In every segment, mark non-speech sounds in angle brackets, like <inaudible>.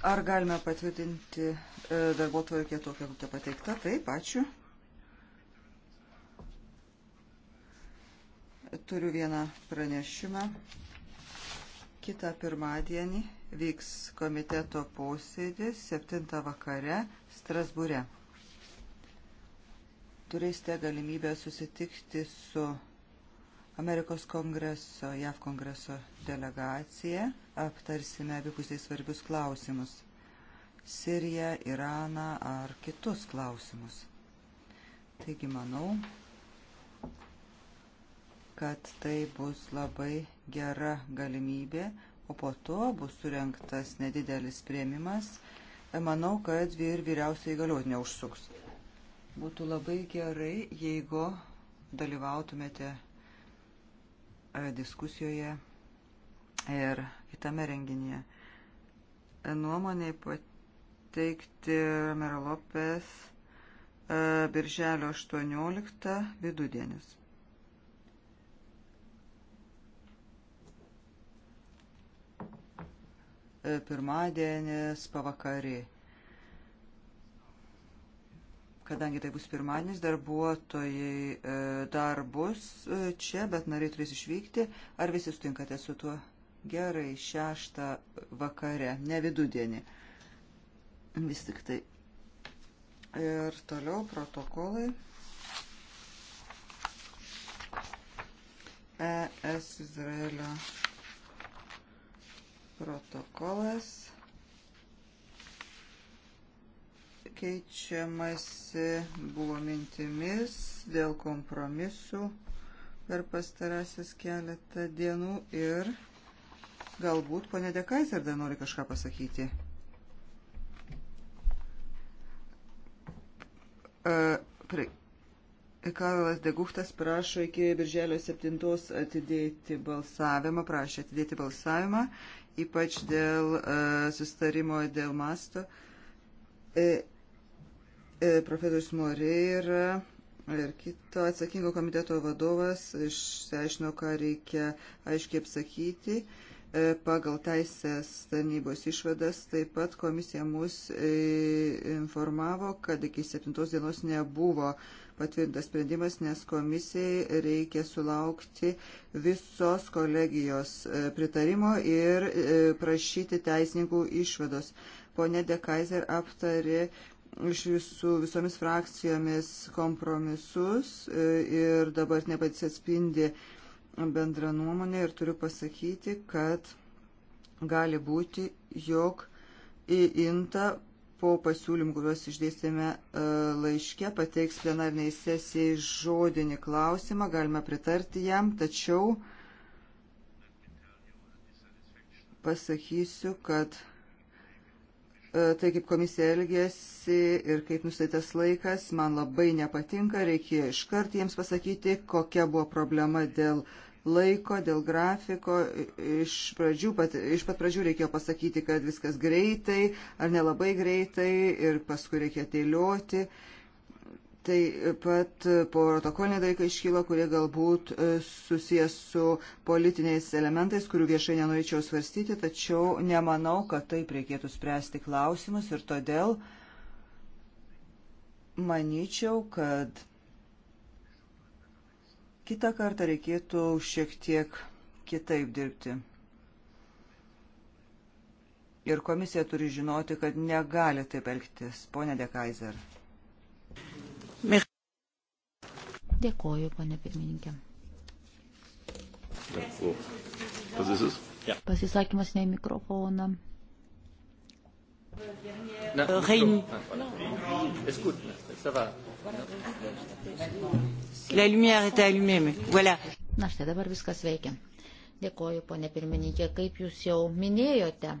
Ar galime patvirtinti e, darbo tvarkė tokia, kokia pateikta? Taip, ačiū. Turiu vieną pranešimą. Kita pirmadienį vyks komiteto posėdis 7 vakare Strasbūre. Turėsite galimybę susitikti su Amerikos kongreso, JAV kongreso delegacija. Aptarsime abipusiai svarbius klausimus. Siriją, Iraną ar kitus klausimus. Taigi manau, kad tai bus labai gera galimybė, o po to bus surinktas nedidelis prieimimas. Manau, kad ir vyriausiai galiotinė užsuks. Būtų labai gerai, jeigu dalyvautumėte diskusijoje ir kitame renginyje. Nuomonė pateikti Romero Lopes e, birželio 18 vidudienis. E, pirmadienis pavakarį kadangi tai bus pirmadienis, darbuotojai e, dar bus e, čia, bet nariai turės išvykti. Ar visi sutinkate su tuo? Gerai, šeštą vakare, ne vidudienį. Vis tik tai. Ir toliau protokolai. ES Izraelio protokolas. keičiamasi buvo mintimis dėl kompromisų per pastarąsias keletą dienų ir galbūt ponė Dekais ar dar nori kažką pasakyti. E, Pre... Karlas Deguchtas prašo iki birželio 7 atidėti balsavimą, prašė atidėti balsavimą, ypač dėl uh, sustarimo dėl masto. E, E, profesorius Moreira ir kito atsakingo komiteto vadovas išsiaiškino, ką reikia aiškiai apsakyti. E, pagal teisės tarnybos išvadas taip pat komisija mus e, informavo, kad iki 7 dienos nebuvo patvirtintas sprendimas, nes komisijai reikia sulaukti visos kolegijos pritarimo ir prašyti teisininkų išvados. Pone Dekaiser aptari su visomis frakcijomis kompromisus e, ir dabar nepats atspindi bendrą nuomonę ir turiu pasakyti, kad gali būti, jog įinta po pasiūlymų, kuriuos išdėstėme e, laiške, pateiks plenarniai sesijai žodinį klausimą, galime pritarti jam, tačiau pasakysiu, kad E, tai kaip komisija elgėsi ir kaip nustatytas laikas, man labai nepatinka, reikėjo iškart jiems pasakyti, kokia buvo problema dėl laiko, dėl grafiko. Iš, pradžių, pat, iš pat pradžių reikėjo pasakyti, kad viskas greitai ar nelabai greitai ir paskui reikėjo teilioti. Uh, Taip pat protokoliniai dalykai iškyla, kurie galbūt e, susijęs su politiniais elementais, kurių viešai nenorėčiau svarstyti, tačiau nemanau, kad taip reikėtų spręsti klausimus ir todėl manyčiau, kad kitą kartą reikėtų šiek tiek kitaip dirbti. Ir komisija turi žinoti, kad negali taip elgtis. Pone Dekaiser. Kaiser. Dėkoju, ponė pirmininkė. Pasisakymas ne į mikrofoną. Na štai dabar viskas veikia. Dėkoju, ponė pirmininkė, kaip jūs jau minėjote,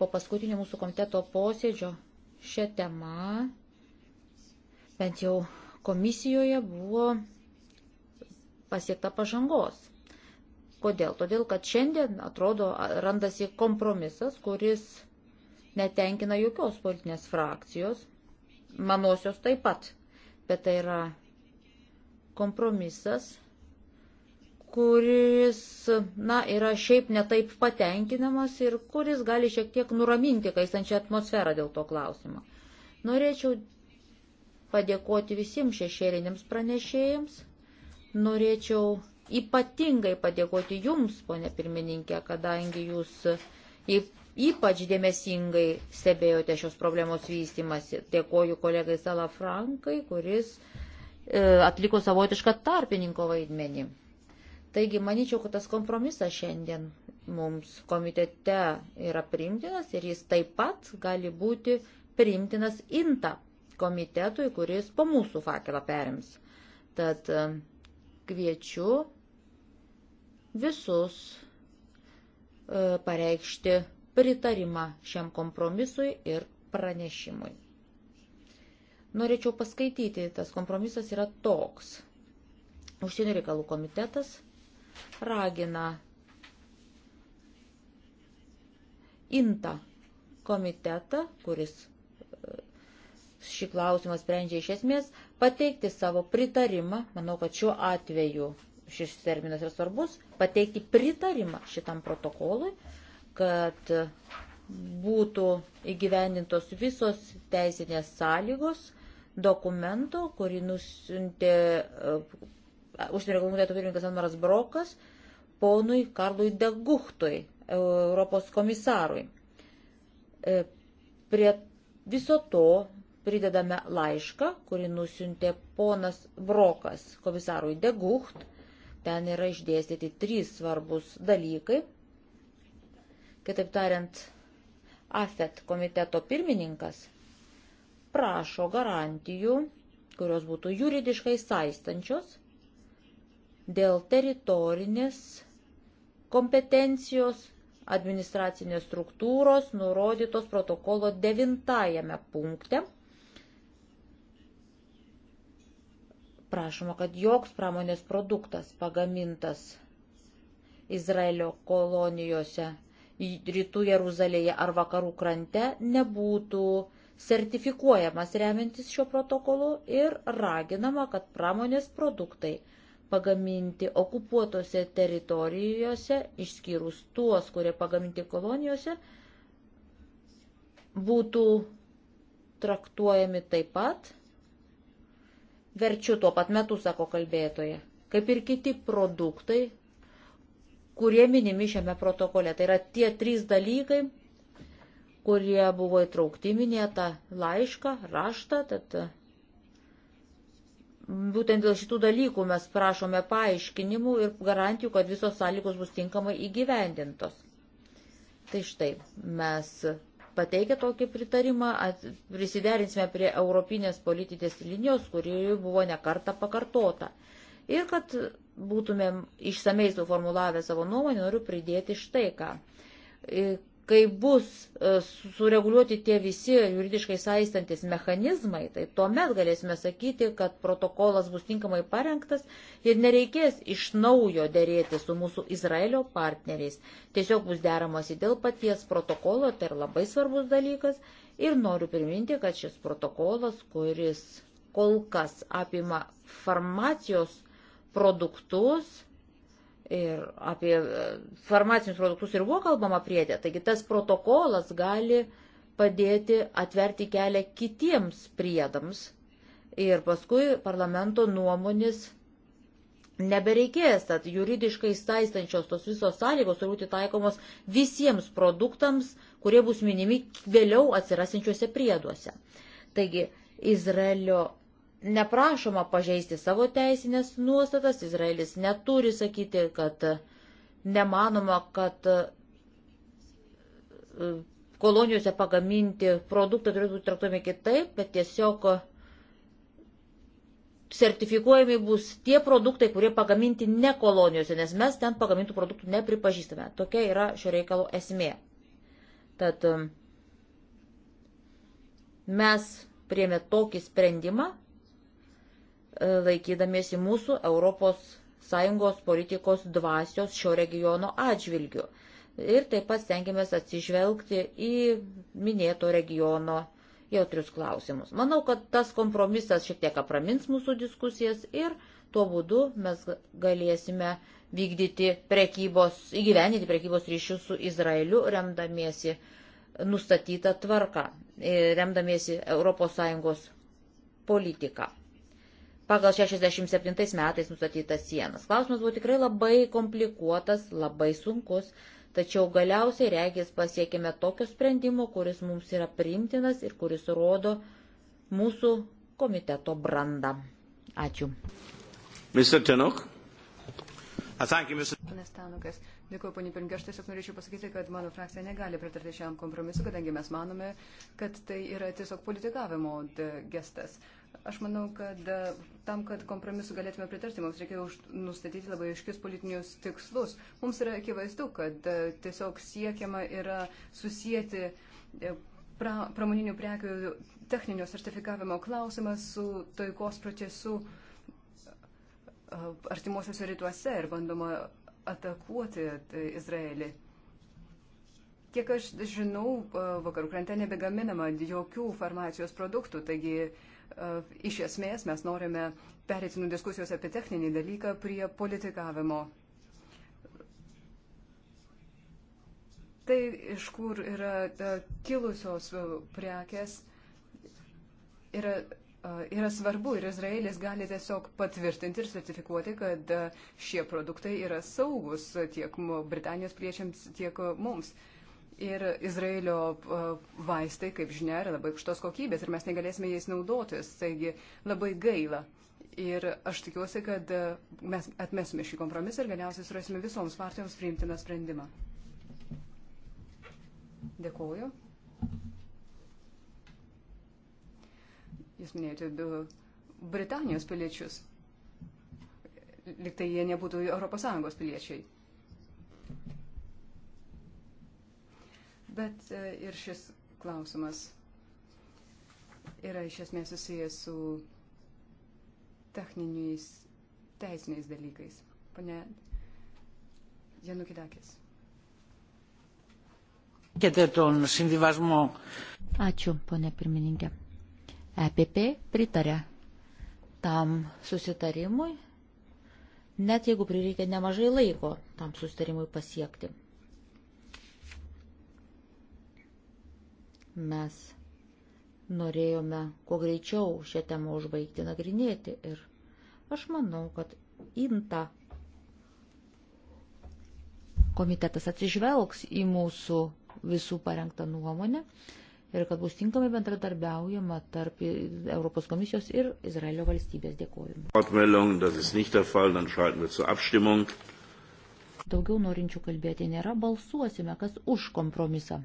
po paskutinio mūsų komiteto posėdžio šią temą bent jau komisijoje buvo pasiekta pažangos. Kodėl? Todėl, kad šiandien, atrodo, randasi kompromisas, kuris netenkina jokios politinės frakcijos, manosios taip pat, bet tai yra kompromisas, kuris, na, yra šiaip netaip patenkinamas ir kuris gali šiek tiek nuraminti kaistančią atmosferą dėl to klausimo. Norėčiau padėkoti visiems šešėliniams pranešėjams. Norėčiau ypatingai padėkoti Jums, ponė pirmininkė, kadangi Jūs ypač dėmesingai stebėjote šios problemos vystimasi. Dėkoju kolegai Salafrankai, kuris e, atliko savotišką tarpininko vaidmenį. Taigi, manyčiau, kad tas kompromisas šiandien mums komitete yra priimtinas ir jis taip pat gali būti priimtinas INTA komitetui, kuris po mūsų fakelą perims. Tad e, kviečiu visus e, pareikšti pritarimą šiam kompromisui ir pranešimui. Norėčiau paskaityti, tas kompromisas yra toks. Užsienio reikalų komitetas ragina INTA komitetą, kuris šį klausimą sprendžia iš esmės, pateikti savo pritarimą, manau, kad šiuo atveju šis terminas yra svarbus, pateikti pritarimą šitam protokolui, kad būtų įgyvendintos visos teisinės sąlygos dokumento, kurį nusintė uh, e, užsienio reikalų komiteto pirmininkas Anmaras Brokas ponui Karlui Deguchtui, Europos komisarui. E, prie viso to pridedame laišką, kurį nusintė ponas Brokas komisarui Degucht. Ten yra išdėstyti trys svarbus dalykai. Kitaip tariant, AFET komiteto pirmininkas prašo garantijų, kurios būtų juridiškai saistančios dėl teritorinės kompetencijos administracinės struktūros nurodytos protokolo devintajame punkte prašoma, kad joks pramonės produktas pagamintas Izraelio kolonijose rytų Jeruzalėje ar vakarų krante nebūtų sertifikuojamas remiantis šio protokolu ir raginama, kad pramonės produktai pagaminti okupuotose teritorijose, išskyrus tuos, kurie pagaminti kolonijose, būtų traktuojami taip pat – verčiu tuo pat metu, sako kalbėtoja, kaip ir kiti produktai, kurie minimi šiame protokole. Tai yra tie trys dalykai, kurie buvo įtraukti minėtą laišką, raštą. Tad būtent dėl šitų dalykų mes prašome paaiškinimų ir garantijų, kad visos sąlygos bus tinkamai įgyvendintos. Tai štai mes pateikę tokį pritarimą, at, prisiderinsime prie europinės politinės linijos, kuri buvo nekarta pakartota. Ir kad būtumėm išsamei suformulavę savo nuomonę, noriu pridėti štai ką kai bus e, sureguliuoti tie visi juridiškai saistantis mechanizmai, tai tuomet galėsime sakyti, kad protokolas bus tinkamai parengtas ir nereikės iš naujo dėrėti su mūsų Izraelio partneriais. Tiesiog bus deramasi dėl paties protokolo, tai yra labai svarbus dalykas. Ir noriu priminti, kad šis protokolas, kuris kol kas apima farmacijos produktus, Ir apie e, farmacinius produktus ir buvo kalbama priedė. Taigi tas protokolas gali padėti atverti kelią kitiems priedams. Ir paskui parlamento nuomonės nebereikės, tad juridiškai staistančios tos visos sąlygos turi būti taikomos visiems produktams, kurie bus minimi vėliau atsirasinčiuose prieduose. Taigi, Izraelio neprašoma pažeisti savo teisinės nuostatas, Izraelis neturi sakyti, kad e, nemanoma, kad e, e, kolonijose pagaminti produktai turėtų būti traktuojami kitaip, bet tiesiog sertifikuojami bus tie produktai, kurie pagaminti ne kolonijose, nes mes ten pagamintų produktų nepripažįstame. Tokia yra šio reikalo esmė. Tad mes priemė tokį sprendimą, laikydamiesi mūsų ES politikos dvasios šio regiono atžvilgių. Ir taip pat stengiamės atsižvelgti į minėto regiono jautrius klausimus. Manau, kad tas kompromisas šiek tiek apramins mūsų diskusijas ir tuo būdu mes galėsime vykdyti prekybos, įgyveninti prekybos ryšius su Izraeliu, remdamiesi nustatytą tvarką, e, remdamiesi ES politiką pagal 67 metais nustatytas sienas. Klausimas buvo tikrai labai komplikuotas, labai sunkus, tačiau galiausiai regis pasiekime tokio sprendimo, kuris mums yra priimtinas ir kuris rodo mūsų komiteto brandą. Ačiū. Mr. Tenok. Panas Tanukas, dėkuoju, ponė Pirinkė, aš tiesiog norėčiau pasakyti, kad mano frakcija negali pritarti šiam kompromisu, kadangi mes manome, kad tai yra tiesiog politikavimo e, gestas. Aš manau, kad e, tam, kad kompromisu galėtume pritarti, mums reikia nustatyti labai aiškius politinius tikslus. Mums yra akivaizdu, kad e, tiesiog siekiama yra susijęti e, pra, pramoninių prekių techninio sertifikavimo klausimą su taikos procesu artimuosiuose rytuose ir bandoma atakuoti Izraelį. Kiek aš žinau, vakarų krante nebegaminama jokių farmacijos produktų, taigi uh, iš esmės mes norime perėti nuo diskusijos apie techninį dalyką prie politikavimo. Tai iš kur yra e, kilusios e, prekes yra, e, yra svarbu ir Izraelis gali tiesiog patvirtinti ir sertifikuoti, kad šie produktai yra saugus tiek Britanijos priečiams, tiek mums. Uh, Ir Izraelio e, vaistai, kaip žinia, yra labai aukštos kokybės ir mes negalėsime jais naudotis. Taigi labai gaila. Ir aš tikiuosi, kad e, mes atmesime šį kompromisą ir galiausiai surasime visoms partijoms priimtiną sprendimą. Dėkuoju. Jūs minėjote Britanijos piliečius. Liktai jie nebūtų ES piliečiai. bet e, ir šis klausimas yra iš esmės susijęs su techniniais teisiniais dalykais. Pane Janukidakis. Ačiū, ponė pirmininkė. EPP pritarė tam susitarimui, net jeigu prireikė nemažai laiko tam susitarimui pasiekti. Mes norėjome kuo greičiau šią temą užbaigti nagrinėti ir aš manau, kad INTA komitetas atsižvelgs į mūsų visų parengtą nuomonę ir kad bus tinkamai bendradarbiaujama tarp Europos komisijos ir Izraelio valstybės. Dėkuoju. Daugiau norinčių kalbėti nėra, balsuosime, kas už kompromisą.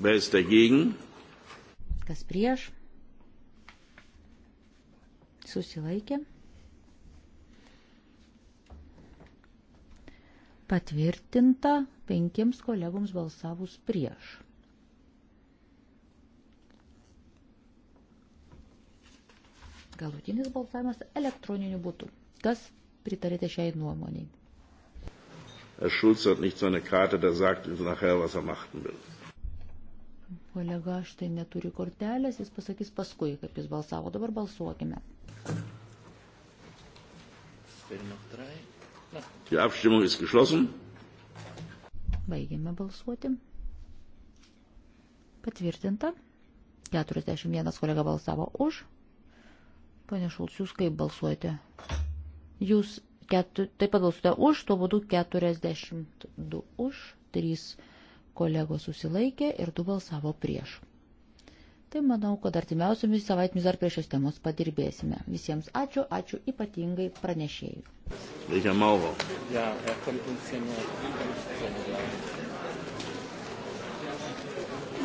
Wer ist dagegen? Kas prieš? Susilaikė. Patvirtinta penkiems kolegoms balsavus prieš. Galutinis balsavimas elektroniniu būtų. Kas pritarėte šiai nuomoniai? Herr Schulz hat nicht seine Karte, der sagt nachher, was er machen will. Kolega štai neturi kortelės, jis pasakys paskui, kaip jis balsavo. Dabar balsuokime. Die Abstimmung ist geschlossen. Baigėme balsuoti. Patvirtinta. 41 kolega balsavo už. Pane Šulc, jūs kaip balsuojate? Jūs ketur, taip pat balsuojate už, tuo būdu 42 už, 3 kolegos susilaikė ir du balsavo prieš. Tai manau, kad artimiausiomis savaitėmis dar prie šios temos padirbėsime. Visiems ačiū, ačiū ypatingai pranešėjui. Reikia malvo. Ja,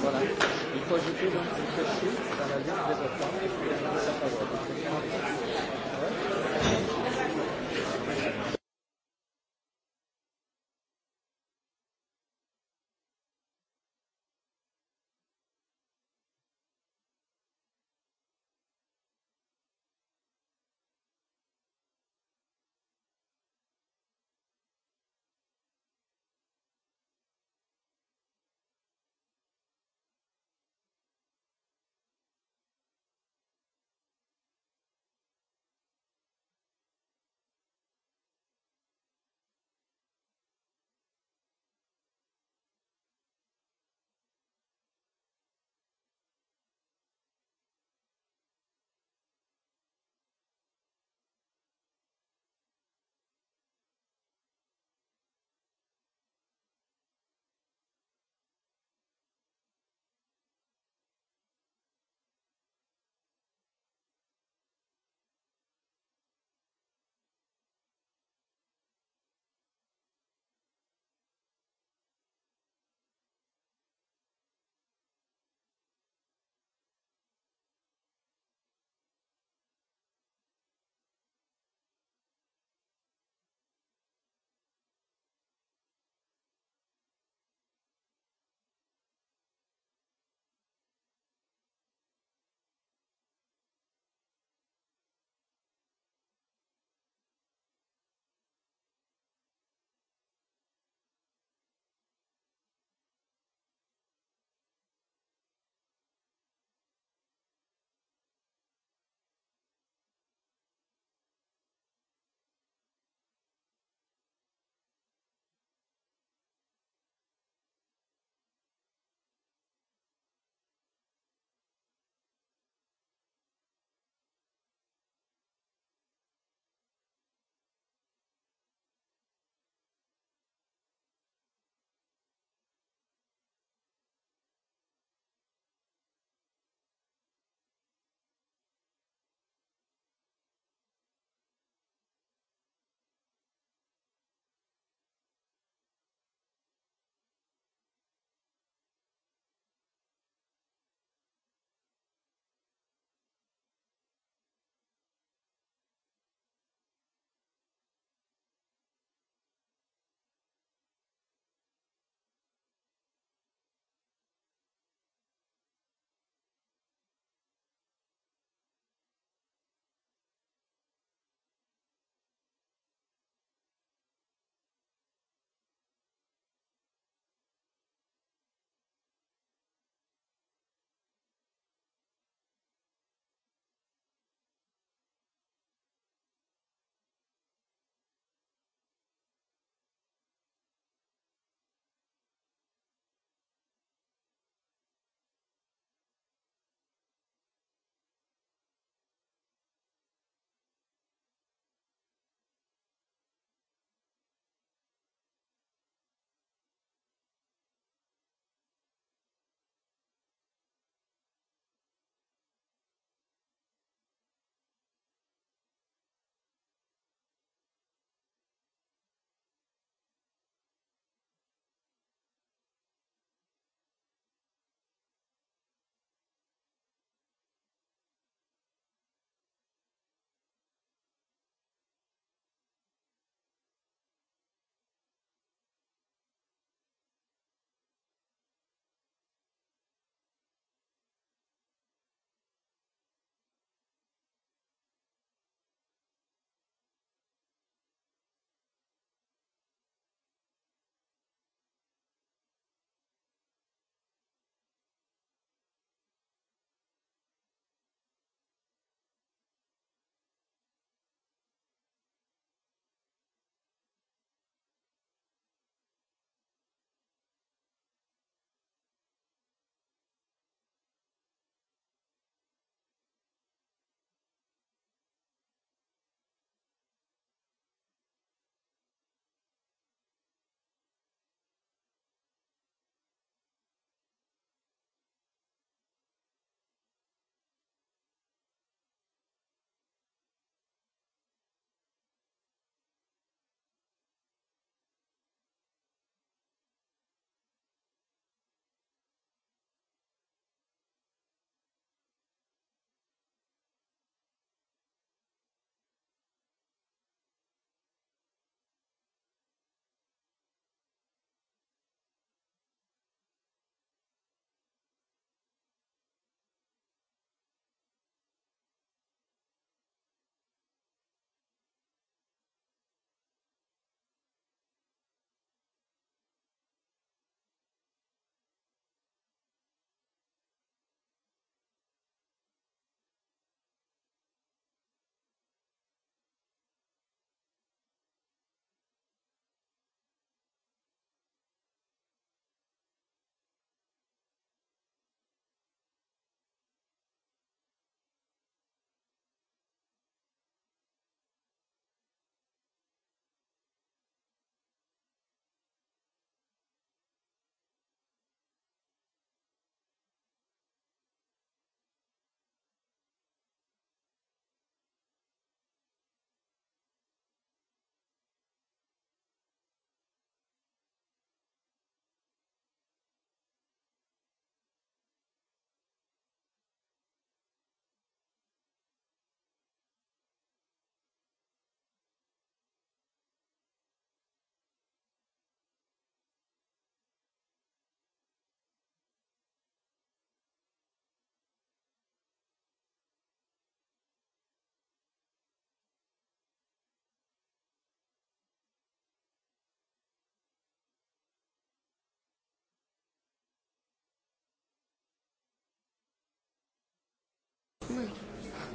Voilà. Il faut ajouter donc ce cachet dans la liste des attentes et la parole.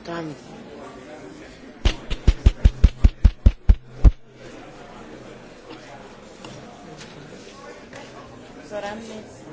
Tam. Zoran Mesić.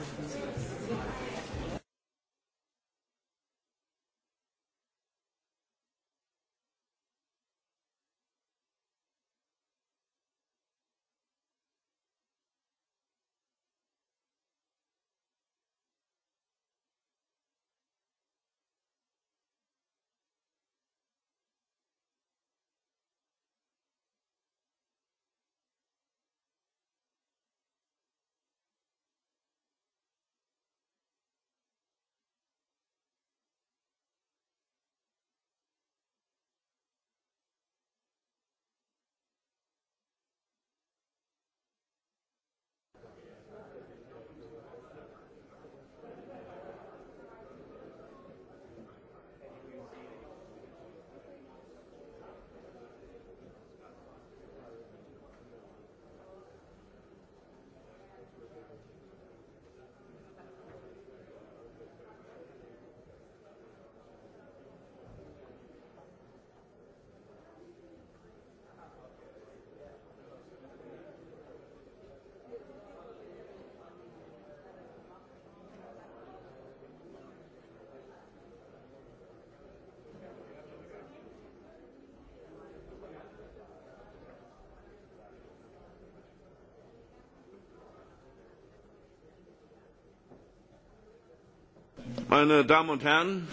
Meine Damen und Herren,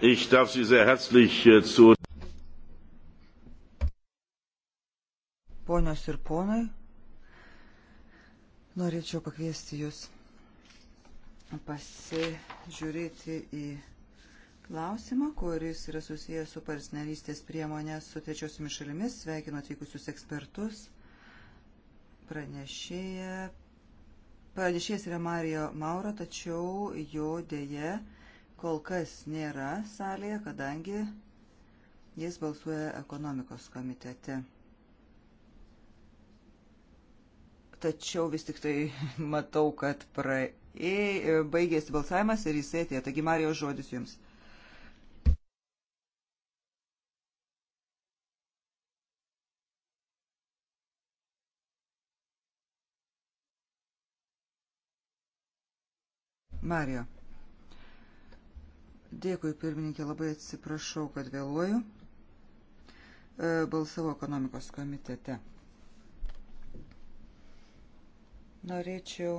ich darf Sie sehr herzlich äh, zu. Ponios ir ponai, norėčiau pakviesti Jūs pasižiūrėti į klausimą, kuris yra susijęs su partnerystės priemonės su trečiosiomis šalimis. Sveikinu atvykusius ekspertus, pranešėją, Pranešėjas yra Mario Mauro, tačiau jo dėje kol kas nėra salėje, kadangi jis balsuoja ekonomikos komitete. Tačiau vis tik tai matau, kad praėjai, baigėsi balsavimas ir jisai atėjo. Taigi Marijos žodis jums. Mario. Dėkui, pirmininkė, labai atsiprašau, kad vėluoju. E, Balsavo ekonomikos komitete. Norėčiau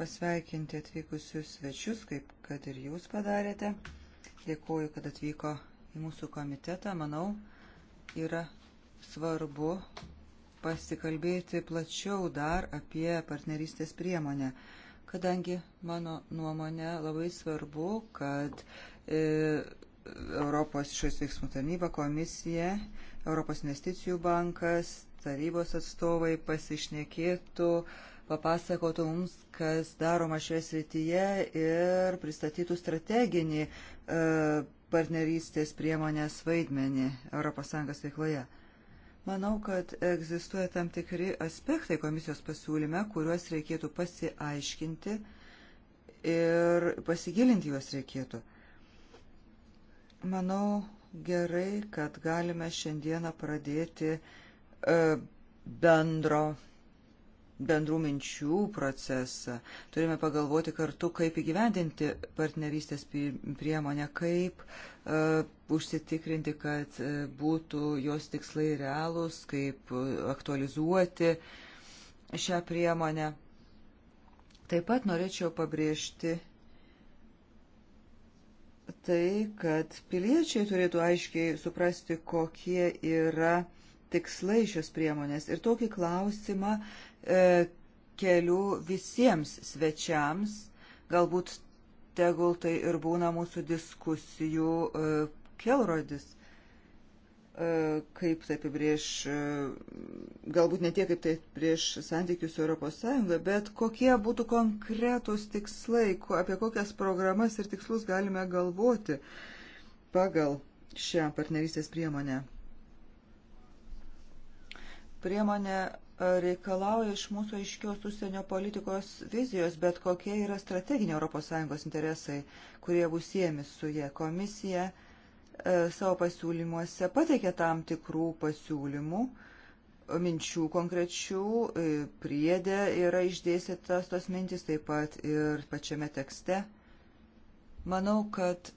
pasveikinti atvykusius svečius, kaip kad ir jūs padarėte. Dėkuoju, kad atvyko į mūsų komitetą. Manau, yra svarbu pasikalbėti plačiau dar apie partnerystės priemonę kadangi mano nuomonė labai svarbu, kad e, Europos išorės veiksmų tarnyba, komisija, Europos investicijų bankas, tarybos atstovai pasišnekėtų, papasakotų mums, kas daroma šioje srityje ir pristatytų strateginį e, partnerystės priemonės vaidmenį ES veikloje. E, Manau, kad egzistuoja tam tikri aspektai komisijos pasiūlyme, kuriuos reikėtų pasiaiškinti ir pasigilinti juos reikėtų. Manau, gerai, kad galime šiandieną pradėti e, bendro bendrų minčių procesą. Turime pagalvoti kartu, kaip įgyvendinti partnerystės priemonę, kaip uh, užsitikrinti, kad uh, būtų jos tikslai realūs, kaip uh, aktualizuoti šią priemonę. Taip pat norėčiau pabrėžti tai, kad piliečiai turėtų aiškiai suprasti, kokie yra tikslai šios priemonės. Ir tokį klausimą E, kelių visiems svečiams, galbūt tegul tai ir būna mūsų diskusijų e, kelrodis, e, kaip tai apibrieš, galbūt ne tiek kaip tai prieš santykius su ES, bet kokie būtų konkretūs tikslai, apie kokias programas ir tikslus galime galvoti pagal šią partnerystės priemonę. Priemonė reikalauja iš mūsų aiškios užsienio politikos vizijos, bet kokie yra strateginiai ES interesai, kurie bus siejami su jie. Komisija e, savo pasiūlymuose pateikia tam tikrų pasiūlymų, minčių konkrečių, e, priedė yra išdėstytas tos mintis taip pat ir pačiame tekste. Manau, kad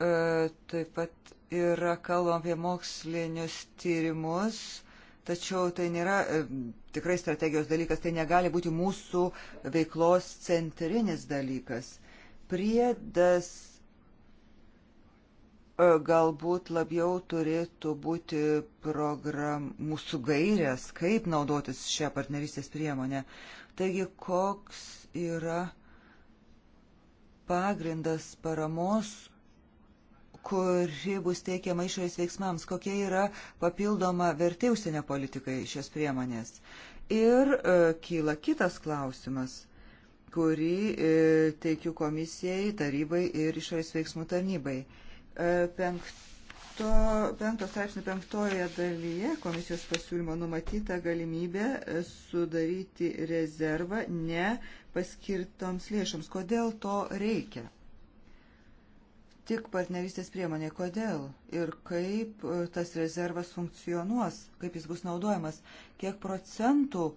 E, taip pat yra kalbam apie mokslinius tyrimus, tačiau tai nėra e, tikrai strategijos dalykas, tai negali būti mūsų veiklos centrinis dalykas. Priedas e, galbūt labiau turėtų būti program, mūsų gairės, kaip naudotis šią partnerystės priemonę. Taigi, koks yra pagrindas paramos kuri bus teikiama išorės veiksmams, kokia yra papildoma vertė užsienio politikai šios priemonės. Ir e, kyla kitas klausimas, kurį e, teikiu komisijai, tarybai ir išorės veiksmų tarnybai. E, penkto, penkto straipsnio penktojoje dalyje komisijos pasiūlymo numatyta galimybė e, sudaryti rezervą ne paskirtoms lėšoms. Kodėl to reikia? tik partnerystės priemonė. Kodėl ir kaip e, tas rezervas funkcionuos, kaip jis bus naudojamas, kiek procentų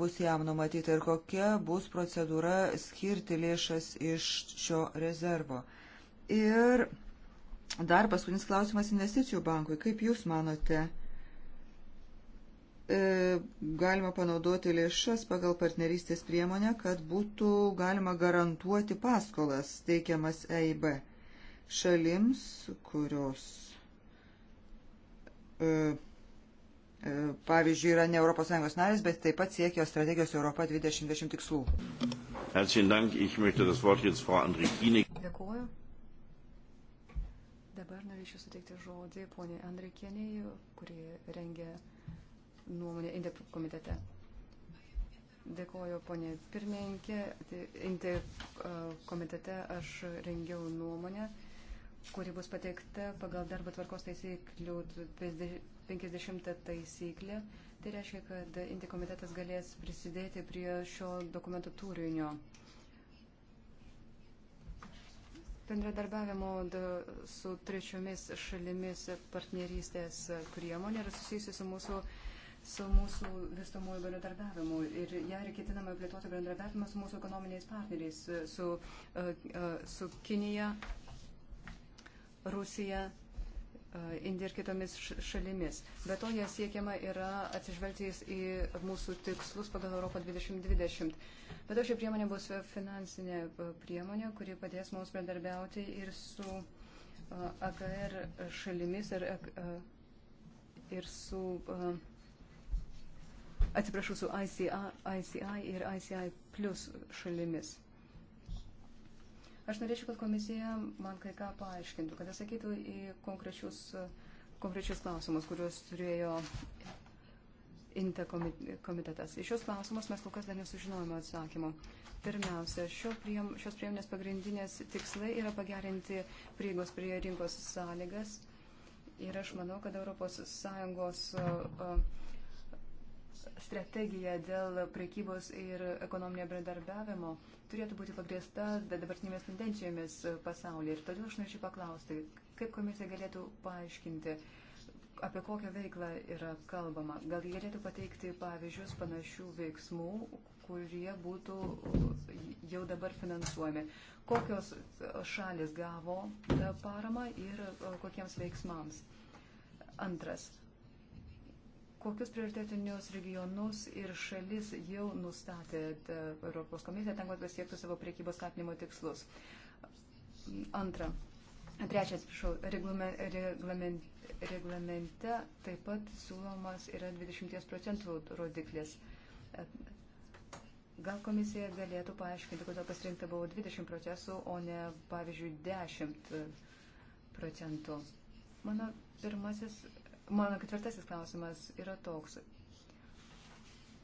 bus jam numatyta ir kokia bus procedūra skirti lėšas iš šio rezervo. Ir dar paskutinis klausimas investicijų bankui. Kaip Jūs manote, e, galima panaudoti lėšas pagal partnerystės priemonę, kad būtų galima garantuoti paskolas teikiamas EIB? šalims, kurios, e, e, pavyzdžiui, yra ne ES narės, bet taip pat siekia strategijos Europa 2020 tikslų. Dėkuoju. Dabar norėčiau suteikti žodį poniai Andrikieniai, kuri rengia nuomonę Indep komitete. Dėkoju, ponė pirmininkė. Inte e, komitete aš rengiau nuomonę kuri bus pateikta pagal darbo tvarkos taisyklių 50 taisyklę. Tai reiškia, kad Inti komitetas galės prisidėti prie šio dokumento turinio. Bendradarbiavimo su trečiomis šalimis partnerystės priemonė yra susijusi su mūsų, su mūsų vystomųjų bendradarbiavimu ir ją reikėtiname plėtoti bendradarbiavimą su mūsų ekonominiais partneriais, su, e, e, su Kinija, Rusija, e, Indija ir kitomis šalimis. Be to, jie siekiama yra atsižvelgti į mūsų tikslus pagal Europą 2020. Bet to ši priemonė bus finansinė e, priemonė, kuri padės mums bendarbiauti ir su e, AKR šalimis ir, ir su, atsiprašau, su ICI, ICI ir ICI plus šalimis. Aš norėčiau, kad komisija man kai ką paaiškintų, kad atsakytų į konkrečius, konkrečius klausimus, kuriuos turėjo INTE komitetas. Iš šios klausimus mes kol kas dar nesužinojame atsakymų. Pirmiausia, šio priem, šios priemonės pagrindinės tikslai yra pagerinti prieigos prie rinkos sąlygas. Ir aš manau, kad ES strategija dėl prekybos ir ekonominio bendradarbiavimo turėtų būti pagrėsta dabartinėmis tendencijomis pasaulyje. Ir todėl aš norėčiau paklausti, kaip komisija galėtų paaiškinti, apie kokią veiklą yra kalbama. Gal jie galėtų pateikti pavyzdžius panašių veiksmų, kurie būtų jau dabar finansuojami. Kokios šalis gavo paramą ir kokiems veiksmams. Antras kokius prioritetinius regionus ir šalis jau nustatė e, Europos komisija tam, kad pasiektų savo priekybos skatinimo tikslus. Antra. Trečias, prašau, reglament, reglament, reglamente taip pat siūlomas yra 20 procentų rodiklis. E, gal komisija galėtų paaiškinti, kodėl pasirinkta buvo 20 procesų, o ne, pavyzdžiui, 10 e, procentų. Mano pirmasis Mano ketvirtasis klausimas yra toks.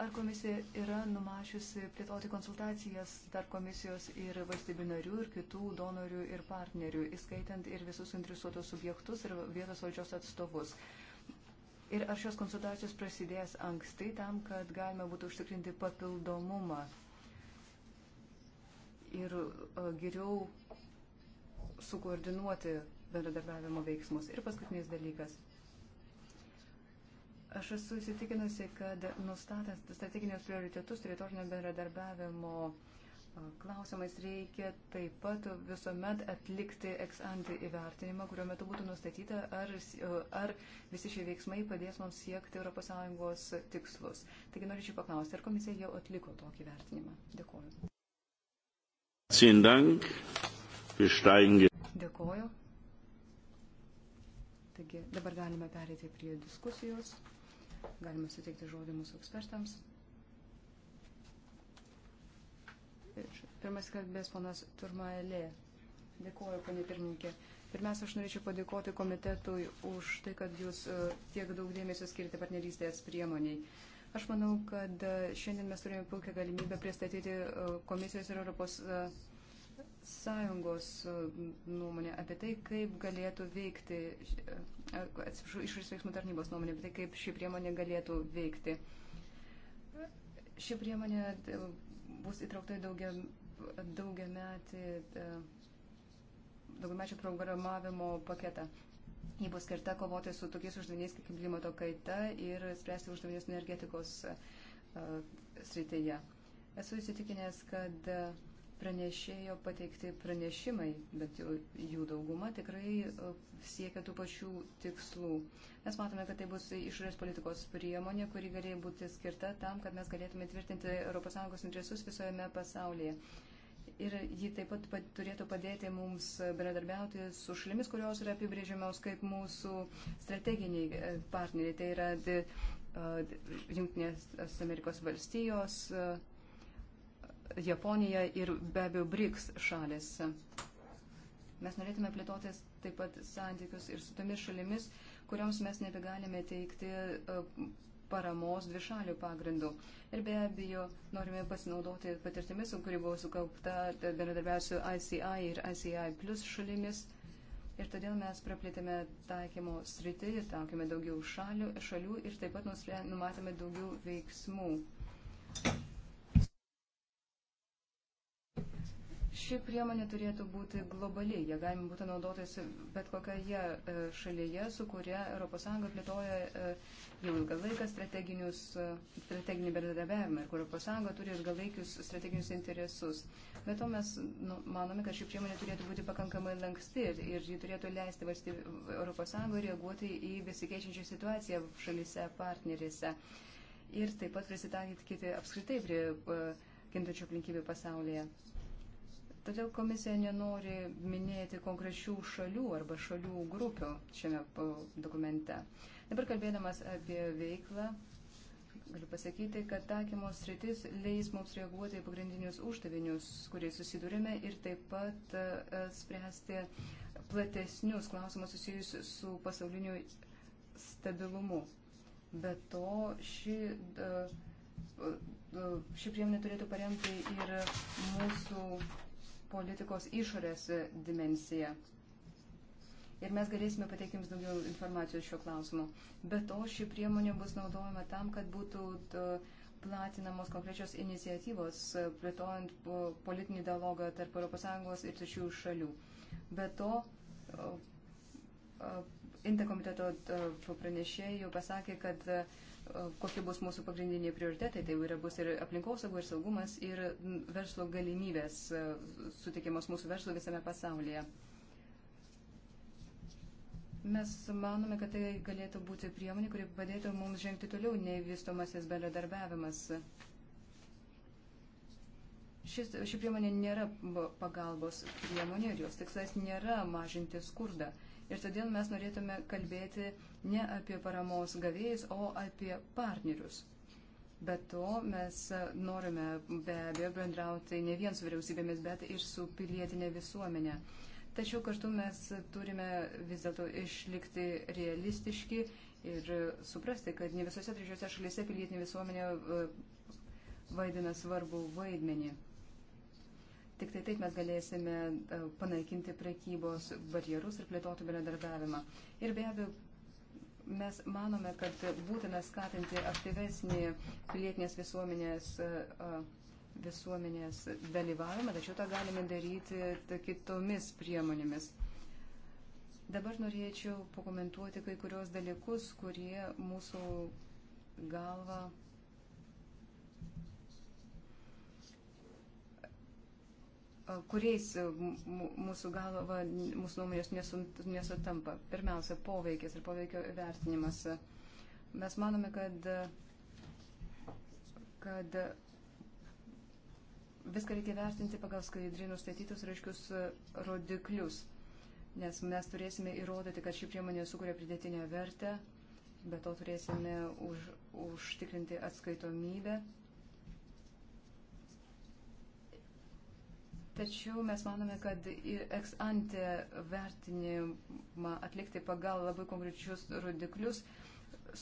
Ar komisija yra numačiusi plėtoti konsultacijas tarp komisijos ir valstybių narių ir kitų donorių ir partnerių, įskaitant ir visus interesuotos subjektus ir vietos valdžios atstovus? Ir ar šios konsultacijos prasidės anksti tam, kad galima būtų užtikrinti papildomumą ir geriau sukoordinuoti bendradarbiavimo veiksmus? Ir paskutinis dalykas. Aš esu įsitikinusi, kad nustatant strateginius prioritetus teritorinio bendradarbiavimo klausimais reikia taip pat visuomet atlikti ex-ante įvertinimą, kuriuo metu būtų nustatyta, ar, ar visi šie veiksmai padės mums siekti ES tikslus. Taigi norėčiau paklausti, ar komisija jau atliko tokį vertinimą? Dėkuoju. Dėkuoju. Taigi dabar galime perėti prie diskusijos. Galime suteikti žodį mūsų ekspertams. Pirmas kalbės ponas Turmaelė. Dėkuoju, ponė pirmininkė. Pirmiausia, aš norėčiau padėkoti komitetui už tai, kad jūs e, tiek daug dėmesio skirti partnerystės priemoniai. Aš manau, kad e, šiandien mes turime puikią galimybę pristatyti e, komisijos ir Europos sąjungos e, nuomonė apie tai, kaip galėtų veikti, e, e, atsiprašau, išorės veiksmų tarnybos nuomonė apie tai, kaip ši priemonė galėtų veikti. Ši priemonė bus įtraukta į daugia, daugiametį, daugiamečio programavimo paketą. Ji bus skirta kovoti su tokiais uždaviniais kaip klimato kaita ir spręsti uždavinius energetikos srityje. Esu įsitikinęs, kad uh, pranešėjo pateikti pranešimai, bet jų dauguma tikrai e, siekia tų pačių tikslų. Mes matome, kad tai bus išorės politikos priemonė, kuri galėjo būti skirta tam, kad mes galėtume tvirtinti ES interesus visoje pasaulyje. Ir ji taip pat, pat turėtų padėti mums bendradarbiauti su šalimis, kurios yra apibrėžiamos kaip mūsų strateginiai e, partneriai. Tai yra e, Junktinės Amerikos valstijos, Japonija ir be abejo BRICS šalis. Mes norėtume plėtotis taip pat santykius ir su tomis šalimis, kurioms mes nebegalime teikti e, paramos dvišalių pagrindų. Ir be abejo, norime pasinaudoti patirtimis, kuri buvo sukaupta bendradarbiausiu ICI ir ICI plus šalimis. Ir todėl mes praplėtėme taikymo sritį, taikėme daugiau šalių, šalių ir taip pat numatėme daugiau veiksmų. Ši priemonė turėtų būti globali, jie galima būtų naudotis bet kokioje e, šalyje, su kuria ES plėtoja e, jau ilgą laiką e, strateginį bendradarbiavimą ir kur ES turi ilgalaikius strateginius interesus. Bet to mes nu, manome, kad ši priemonė turėtų būti pakankamai lanksti ir, ir ji turėtų leisti ES reaguoti į besikeičiančią situaciją šalyse partnerėse ir taip pat prisitaikyti apskritai prie kintančių aplinkybių pasaulyje. Todėl komisija nenori minėti konkrečių šalių arba šalių grupių šiame dokumente. Dabar kalbėdamas apie veiklą, galiu pasakyti, kad takymos sritis leis mums reaguoti į pagrindinius uždavinius, kuriais susidurime ir taip pat e, spręsti platesnius klausimus susijusius su pasauliniu stabilumu. Be to, ši. Uh, ši priemonė turėtų paremti ir mūsų politikos išorės dimensiją. Ir mes galėsime pateikti jums daugiau informacijos šiuo klausimu. Be to, ši priemonė bus naudojama tam, kad būtų uh, platinamos konkrečios iniciatyvos, uh, plėtojant uh, politinį dialogą tarp ES ir trečių šalių. Be to, Interkomiteto pranešėjai jau pasakė, kad uh, E, kokie bus mūsų pagrindiniai prioritetai. Tai yra bus ir aplinkosaugo, ir saugumas, ir verslo galimybės e, sutikimas mūsų verslo visame pasaulyje. Mes manome, kad tai galėtų būti priemonė, kuri padėtų mums žengti toliau nei vystomasis bendradarbiavimas. darbiavimas. Šis, ši priemonė nėra pagalbos priemonė ir jos tikslas nėra mažinti skurdą. Ir todėl mes norėtume kalbėti ne apie paramos gavėjus, o apie partnerius. Be to, mes norime be abejo bendrauti ne vien su vyriausybėmis, bet ir su pilietinė visuomenė. Tačiau kartu mes turime vis dėlto išlikti realistiški ir suprasti, kad ne visose trečiose šalyse pilietinė visuomenė e, vaidina svarbų vaidmenį. Tik tai taip mes galėsime e, panaikinti prekybos barjerus ir plėtoti bendradarbiavimą. Ir be abejo, mes manome, kad būtina skatinti aktyvesnį pilietinės visuomenės. E, visuomenės dalyvavimą, tačiau tą galime daryti kitomis priemonėmis. Dabar norėčiau pakomentuoti kai kurios dalykus, kurie mūsų galva kuriais mūsų galva, mūsų nuomonės nesutampa. Pirmiausia, poveikis ir poveikio vertinimas. Mes manome, kad, kad viską reikia vertinti pagal skaidriai nustatytus raiškius rodiklius, nes mes turėsime įrodyti, kad ši priemonė sukuria pridėtinę vertę, be to turėsime už, užtikrinti atskaitomybę Tačiau mes manome, kad eks ante vertinimą atlikti pagal labai konkrečius rodiklius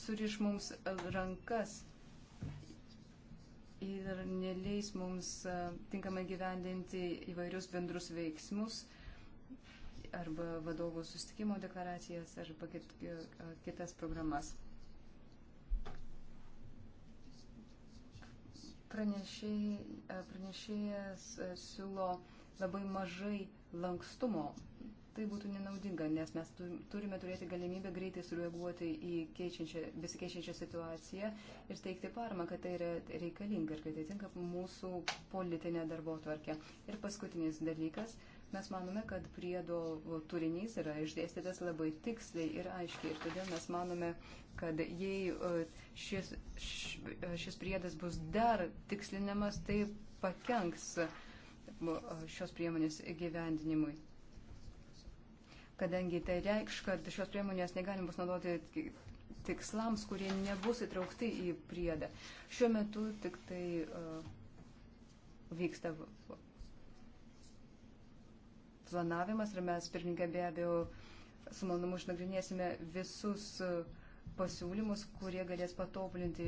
suriš mums rankas ir neleis mums e, tinkamai gyvendinti įvairius bendrus veiksmus arba vadovų sustikimo deklaracijas arba e, kitas programas. E, pranešėjas e, siūlo labai mažai lankstumo. Tai būtų nenaudinga, nes mes turime turėti galimybę greitai sureaguoti į besikeičiančią situaciją ir teikti parmą, kad tai yra reikalinga ir kad tai tinka mūsų politinė darbo tvarkė. Ir paskutinis dalykas Mes manome, kad priedo turinys yra išdėstytas labai tiksliai ir aiškiai ir todėl mes manome, kad jei e, šis, šis priedas bus dar tikslinamas, tai pakenks e, šios priemonės gyvendinimui. Kadangi tai reikš, kad šios priemonės negalim bus naudoti tikslams, kurie nebus įtraukti į priedą. Šiuo metu tik tai uh, vyksta planavimas ir mes pirmininkė be abejo su malonumu išnagrinėsime visus e, pasiūlymus, kurie galės patobulinti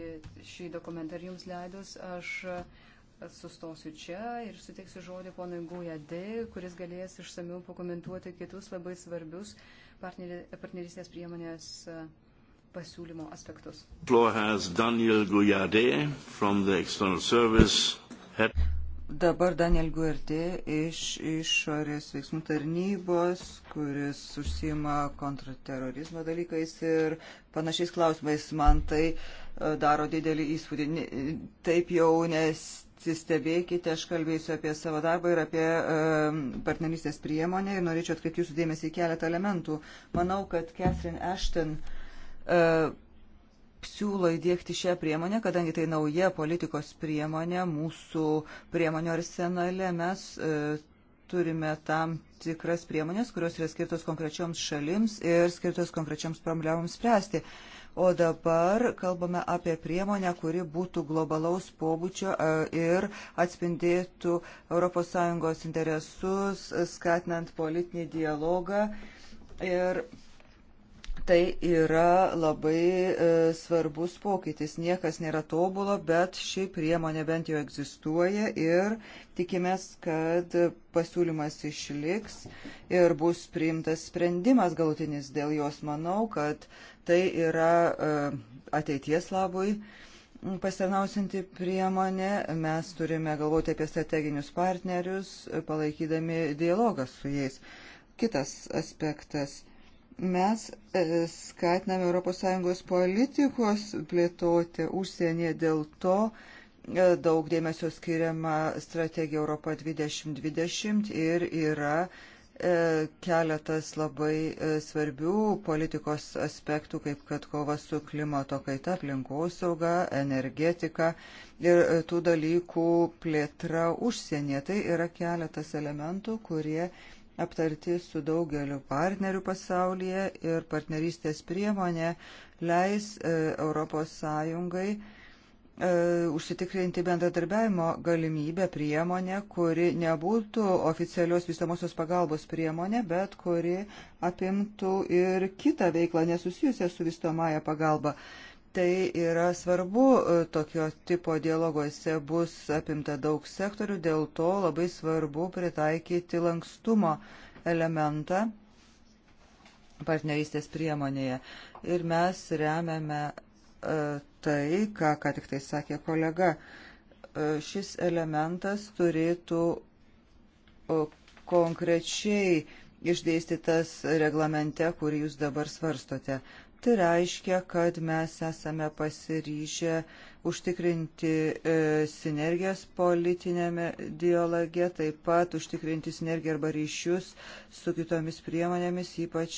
šį dokumentą. Ir jums leidus aš e, sustosiu čia ir suteiksiu žodį ponui Gujade, kuris galės išsamiau pakomentuoti kitus labai svarbius partnerystės priemonės e, pasiūlymo aspektus. Floor has Daniel Gujade from the External Service Dabar Daniel Guerti iš išorės veiksmų tarnybos, kuris užsima kontraterorizmo dalykais ir panašiais klausimais. Man tai e, daro didelį įspūdį. Taip jau nesistebėkite, aš kalbėsiu apie savo darbą ir apie e, partnerystės priemonę ir norėčiau atkreipti jūsų dėmesį į keletą elementų. Manau, kad Catherine Ashton e, siūlo įdėkti šią priemonę, kadangi tai nauja politikos priemonė mūsų priemonių arsenale. Mes e, turime tam tikras priemonės, kurios yra skirtos konkrečioms šalims ir skirtos konkrečioms problemams spręsti. O dabar kalbame apie priemonę, kuri būtų globalaus pobūdžio e, ir atspindėtų ES interesus, skatinant politinį dialogą. Ir tai yra labai e, svarbus pokytis. Niekas nėra tobulo, bet ši priemonė bent jau egzistuoja ir tikimės, kad pasiūlymas išliks ir bus priimtas sprendimas galutinis dėl jos. Manau, kad tai yra e, ateities labui pasitarnausinti priemonė. Mes turime galvoti apie strateginius partnerius, palaikydami dialogą su jais. Kitas aspektas mes e, skatiname ES politikos plėtoti užsienyje, dėl to e, daug dėmesio skiriama strategija Europa 2020 ir yra e, keletas labai svarbių politikos aspektų, kaip kad kova su klimato kaita, aplinkosauga, energetika ir tų dalykų plėtra užsienyje. Tai yra keletas elementų, kurie aptarti su daugeliu partnerių pasaulyje ir partnerystės priemonė leis ES e, užsitikrinti bendradarbiavimo galimybę priemonę, kuri nebūtų oficialios visamosios pagalbos priemonė, bet kuri apimtų ir kitą veiklą nesusijusią su vistomąją pagalbą. Tai yra svarbu e, tokio tipo dialoguose bus apimta daug sektorių, dėl to labai svarbu pritaikyti lankstumo elementą partnerystės priemonėje. Ir mes remiame e, tai, ką, ką tik tai sakė kolega. E, šis elementas turėtų konkrečiai išdėstytas reglamente, kurį jūs dabar svarstote. Tai reiškia, kad mes esame pasiryžę užtikrinti e, sinergijas politinėme dialoge, taip pat užtikrinti sinergiją arba ryšius su kitomis priemonėmis, ypač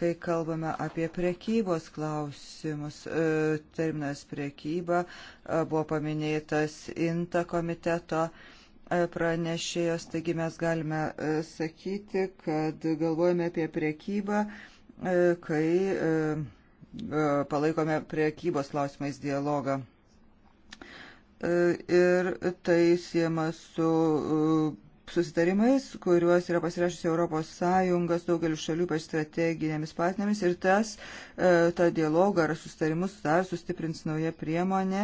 kai kalbame apie prekybos klausimus. E, terminas prekyba e, buvo paminėtas INTA komiteto e, pranešėjos, taigi mes galime e, sakyti, kad galvojame apie prekybą, e, kai E, palaikome priekybos klausimais dialogą. E, ir tai siema su e, susitarimais, kuriuos yra pasirašusi Europos Sąjungas daugeliu šalių, ypač strateginėmis partnerėmis. Ir tas, tą dialogą ar susitarimus dar sustiprins nauja priemonė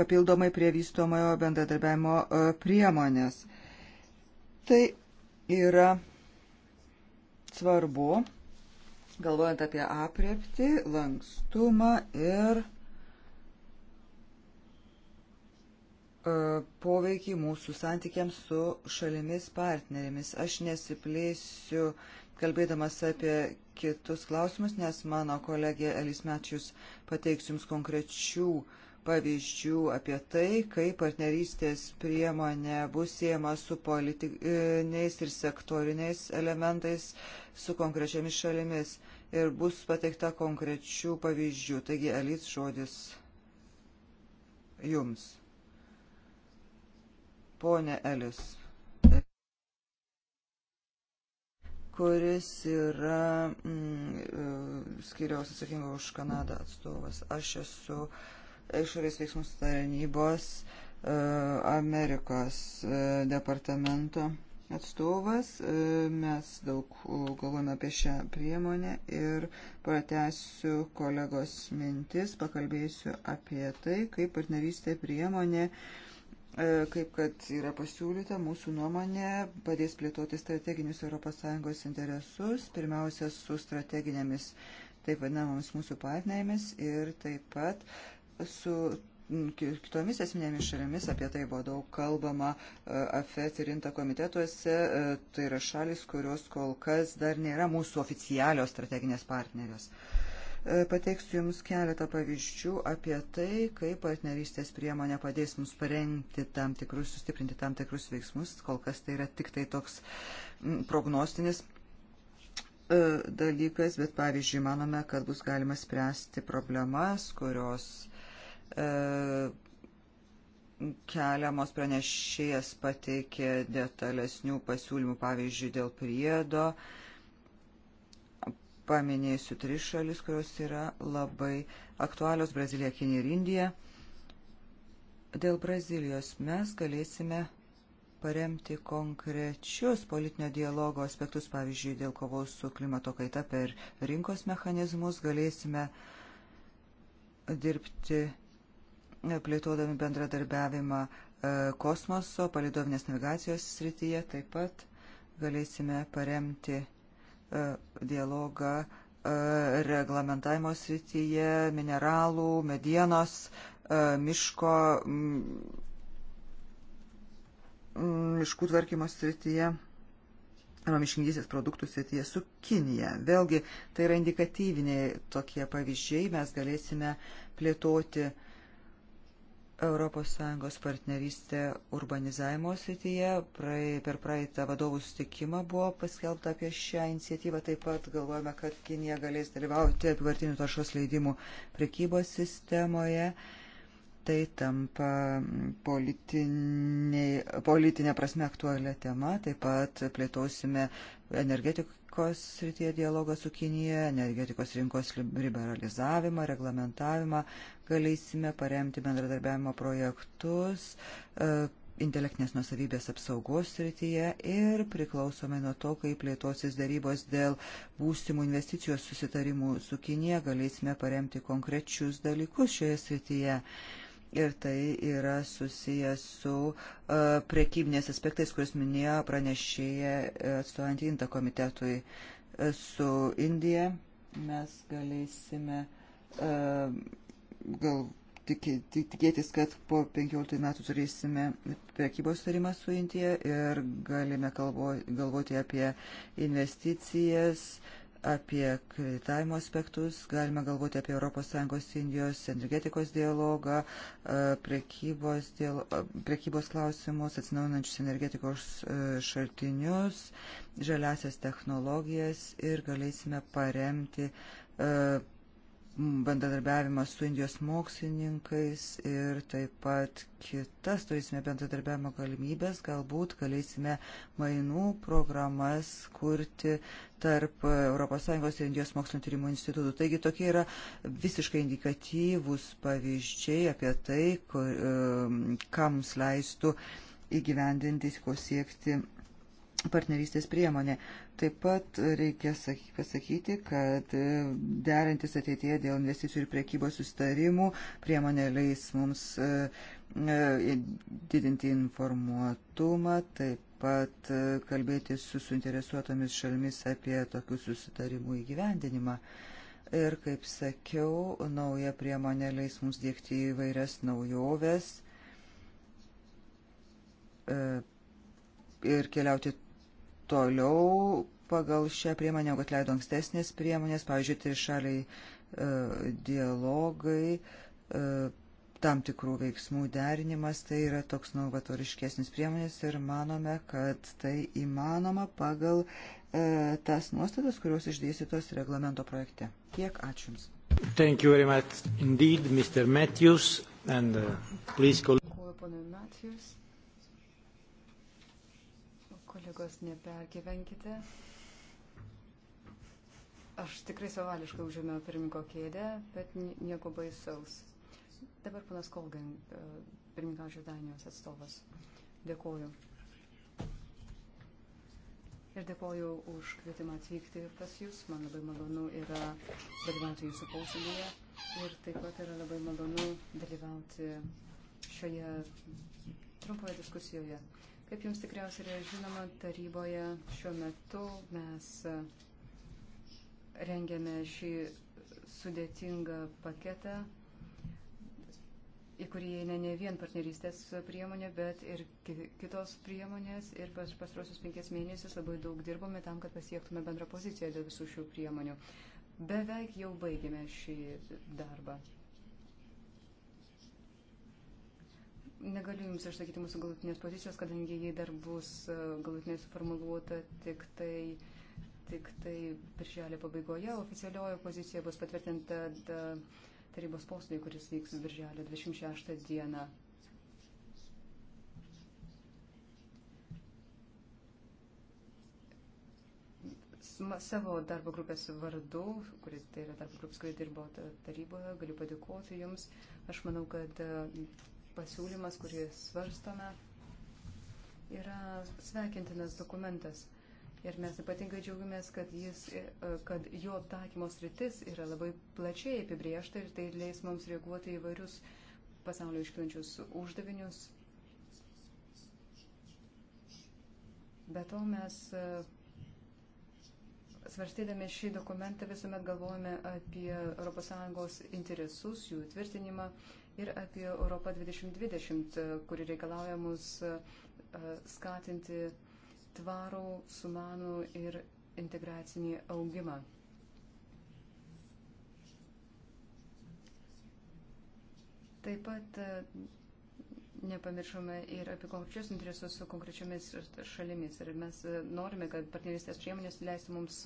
papildomai prie vystomojo bendradarbiavimo priemonės. Tai yra svarbu galvojant apie apriepti, lankstumą ir e, poveikį mūsų santykiams su šalimis partnerėmis. Aš nesiplėsiu kalbėdamas apie kitus klausimus, nes mano kolegė Elis Mečius pateiks jums konkrečių pavyzdžių apie tai, kaip partnerystės priemonė bus siejama su politiniais e, ir sektoriniais elementais, su konkrečiamis šalimis ir bus pateikta konkrečių pavyzdžių. Taigi, elis žodis jums. Pone Elis, kuris yra mm, e, skiriaus atsakingo už Kanadą atstovas. Aš esu išorės veiksmų tarnybos e, Amerikos e, departamento atstovas. E, mes daug galvojame apie šią priemonę ir pratęsiu kolegos mintis, pakalbėsiu apie tai, kaip partnerystė priemonė e, kaip kad yra pasiūlyta, mūsų nuomonė padės plėtoti strateginius ES interesus, pirmiausia, su strateginėmis taip vadinamomis mūsų partnerėmis ir taip pat su kitomis esminėmis šalimis, apie tai buvo daug kalbama e, AFET ir INTA komitetuose, e, tai yra šalis, kurios kol kas dar nėra mūsų oficialios strateginės partnerės. E, pateiksiu Jums keletą pavyzdžių apie tai, kaip partnerystės priemonė padės mums parengti tam tikrus, sustiprinti tam tikrus veiksmus. Kol kas tai yra tik tai toks prognostinis dalykas, bet pavyzdžiui, manome, kad bus galima spręsti problemas, kurios E, keliamos pranešėjas pateikė detalesnių pasiūlymų, pavyzdžiui, dėl priedo. Paminėsiu tris šalis, kurios yra labai aktualios - Brazilija, Kinija ir Indija. Dėl Brazilijos mes galėsime paremti konkrečius politinio dialogo aspektus, pavyzdžiui, dėl kovos su klimato kaita per rinkos mechanizmus galėsime dirbti plėtodami bendradarbiavimą e, kosmoso, palidovinės navigacijos srityje. Taip pat galėsime paremti e, dialogą e, reglamentavimo srityje, mineralų, medienos, miško, miškų tvarkymo srityje arba miškingysės produktų srityje su Kinija. Vėlgi, tai yra indikatyviniai tokie pavyzdžiai, mes galėsime plėtoti uh, ES partnerystė urbanizavimo srityje. Prae, per praeitą vadovų sutikimą buvo paskelbta apie šią iniciatyvą. Taip pat galvojame, kad Kinija galės dalyvauti apivartinių taršos leidimų prekybos sistemoje. Tai tampa politinė prasme aktualią temą. Taip pat plėtosime energetikos energetikos srityje dialogą su Kinija, energetikos rinkos liberalizavimą, reglamentavimą, galėsime paremti bendradarbiavimo projektus e, intelektinės nusavybės apsaugos srityje ir priklausomai nuo to, kaip plėtosis darybos dėl būsimų investicijos susitarimų su Kinija, galėsime paremti konkrečius dalykus šioje srityje. Uh, ir tai yra susijęs su uh, e, prekybinės aspektais, kuris minėjo pranešėję e, atstovaujant Inta komitetui e, su Indija. Mes galėsime uh, gal tikėtis, kad po 15 metų turėsime prekybos tarimą su Indija ir galime kalbo, galvoti apie investicijas, uh, apie kreditavimo aspektus, galime galvoti apie ES Indijos energetikos dialogą, e, prekybos, dialo, e, prekybos klausimus, atsinaujinančius energetikos e, šaltinius, žaliasias technologijas ir galėsime paremti bendradarbiavimą su Indijos mokslininkais ir taip pat kitas turėsime bendradarbiavimo galimybės, galbūt galėsime mainų programas kurti tarp ES ir Indijos mokslinio tyrimų institutų. Taigi tokie yra visiškai indikatyvūs pavyzdžiai apie tai, kur, e, kam mums leistų įgyvendinti, ko siekti partnerystės priemonė. Taip pat reikia pasakyti, kad derantis ateityje dėl investicijų ir priekybos sustarimų priemonė leis mums e, e, didinti informuotumą, taip pat e, kalbėti su suinteresuotomis šalmis apie tokių susitarimų įgyvendinimą. Ir, kaip sakiau, nauja priemonė leis mums dėkti įvairias naujoves ir keliauti toliau pagal šią priemonę, negu atleido ankstesnės priemonės, pavyzdžiui, tai šaliai e, dialogai, e, tam tikrų veiksmų derinimas, tai yra toks novatoriškesnis priemonės ir manome, kad tai įmanoma pagal e, tas nuostatas, kurios išdėstytos reglamento projekte. Tiek ačiū Jums. Thank you very much indeed, Mr. Matthews, and uh, please call. Dėkuoju, ponui Matthews. Kolegos, nepergyvenkite. Aš tikrai savališkai užėmiau pirmininko kėdę, bet nieko baisaus. Dabar panas Kolgan, e, pirmininkaučio Danijos atstovas. Dėkuoju. Ir dėkoju už kvietimą atvykti pas Jūs. Man labai malonu yra dalyvauti Jūsų posėdėje. Ir taip pat yra labai malonu dalyvauti šioje trumpoje diskusijoje. Kaip jums tikriausiai yra žinoma, taryboje šiuo metu mes e, rengiame šį sudėtingą paketą, į kurį įeina ne vien partnerystės priemonė, bet ir kitos priemonės. Ir pas pastarosius penkias mėnesius labai daug dirbome tam, kad pasiektume bendrą poziciją dėl visų šių priemonių. Beveik jau baigėme šį darbą. negaliu Jums išsakyti mūsų galutinės pozicijos, kadangi jie dar bus e, galutinai suformuluota tik tai, tik tai birželio pabaigoje. Oficialioji pozicija bus patvirtinta e, tarybos posėdį, kuris vyks birželio 26 dieną. savo darbo grupės vardu, kuris tai yra darbo grupės, kuris dirbo taryboje, galiu padėkoti Jums. Aš manau, kad e, pasiūlymas, kurį svarstome, yra sveikintinas dokumentas. Ir mes ypatingai džiaugiamės, kad, jis, kad jo takymos rytis yra labai plačiai apibriešta ir tai leis mums reaguoti į vairius pasaulio iškilančius uždavinius. Be to mes e, svarstydami šį dokumentą visuomet galvojame apie ES interesus, jų tvirtinimą, ir apie Europą 2020, kuri reikalauja mus e, skatinti tvarų, sumanų ir integracinį augimą. Taip pat e, nepamiršome ir apie konkrečius interesus su konkrečiomis šalimis. Ir mes e, norime, kad partnerystės priemonės leistų mums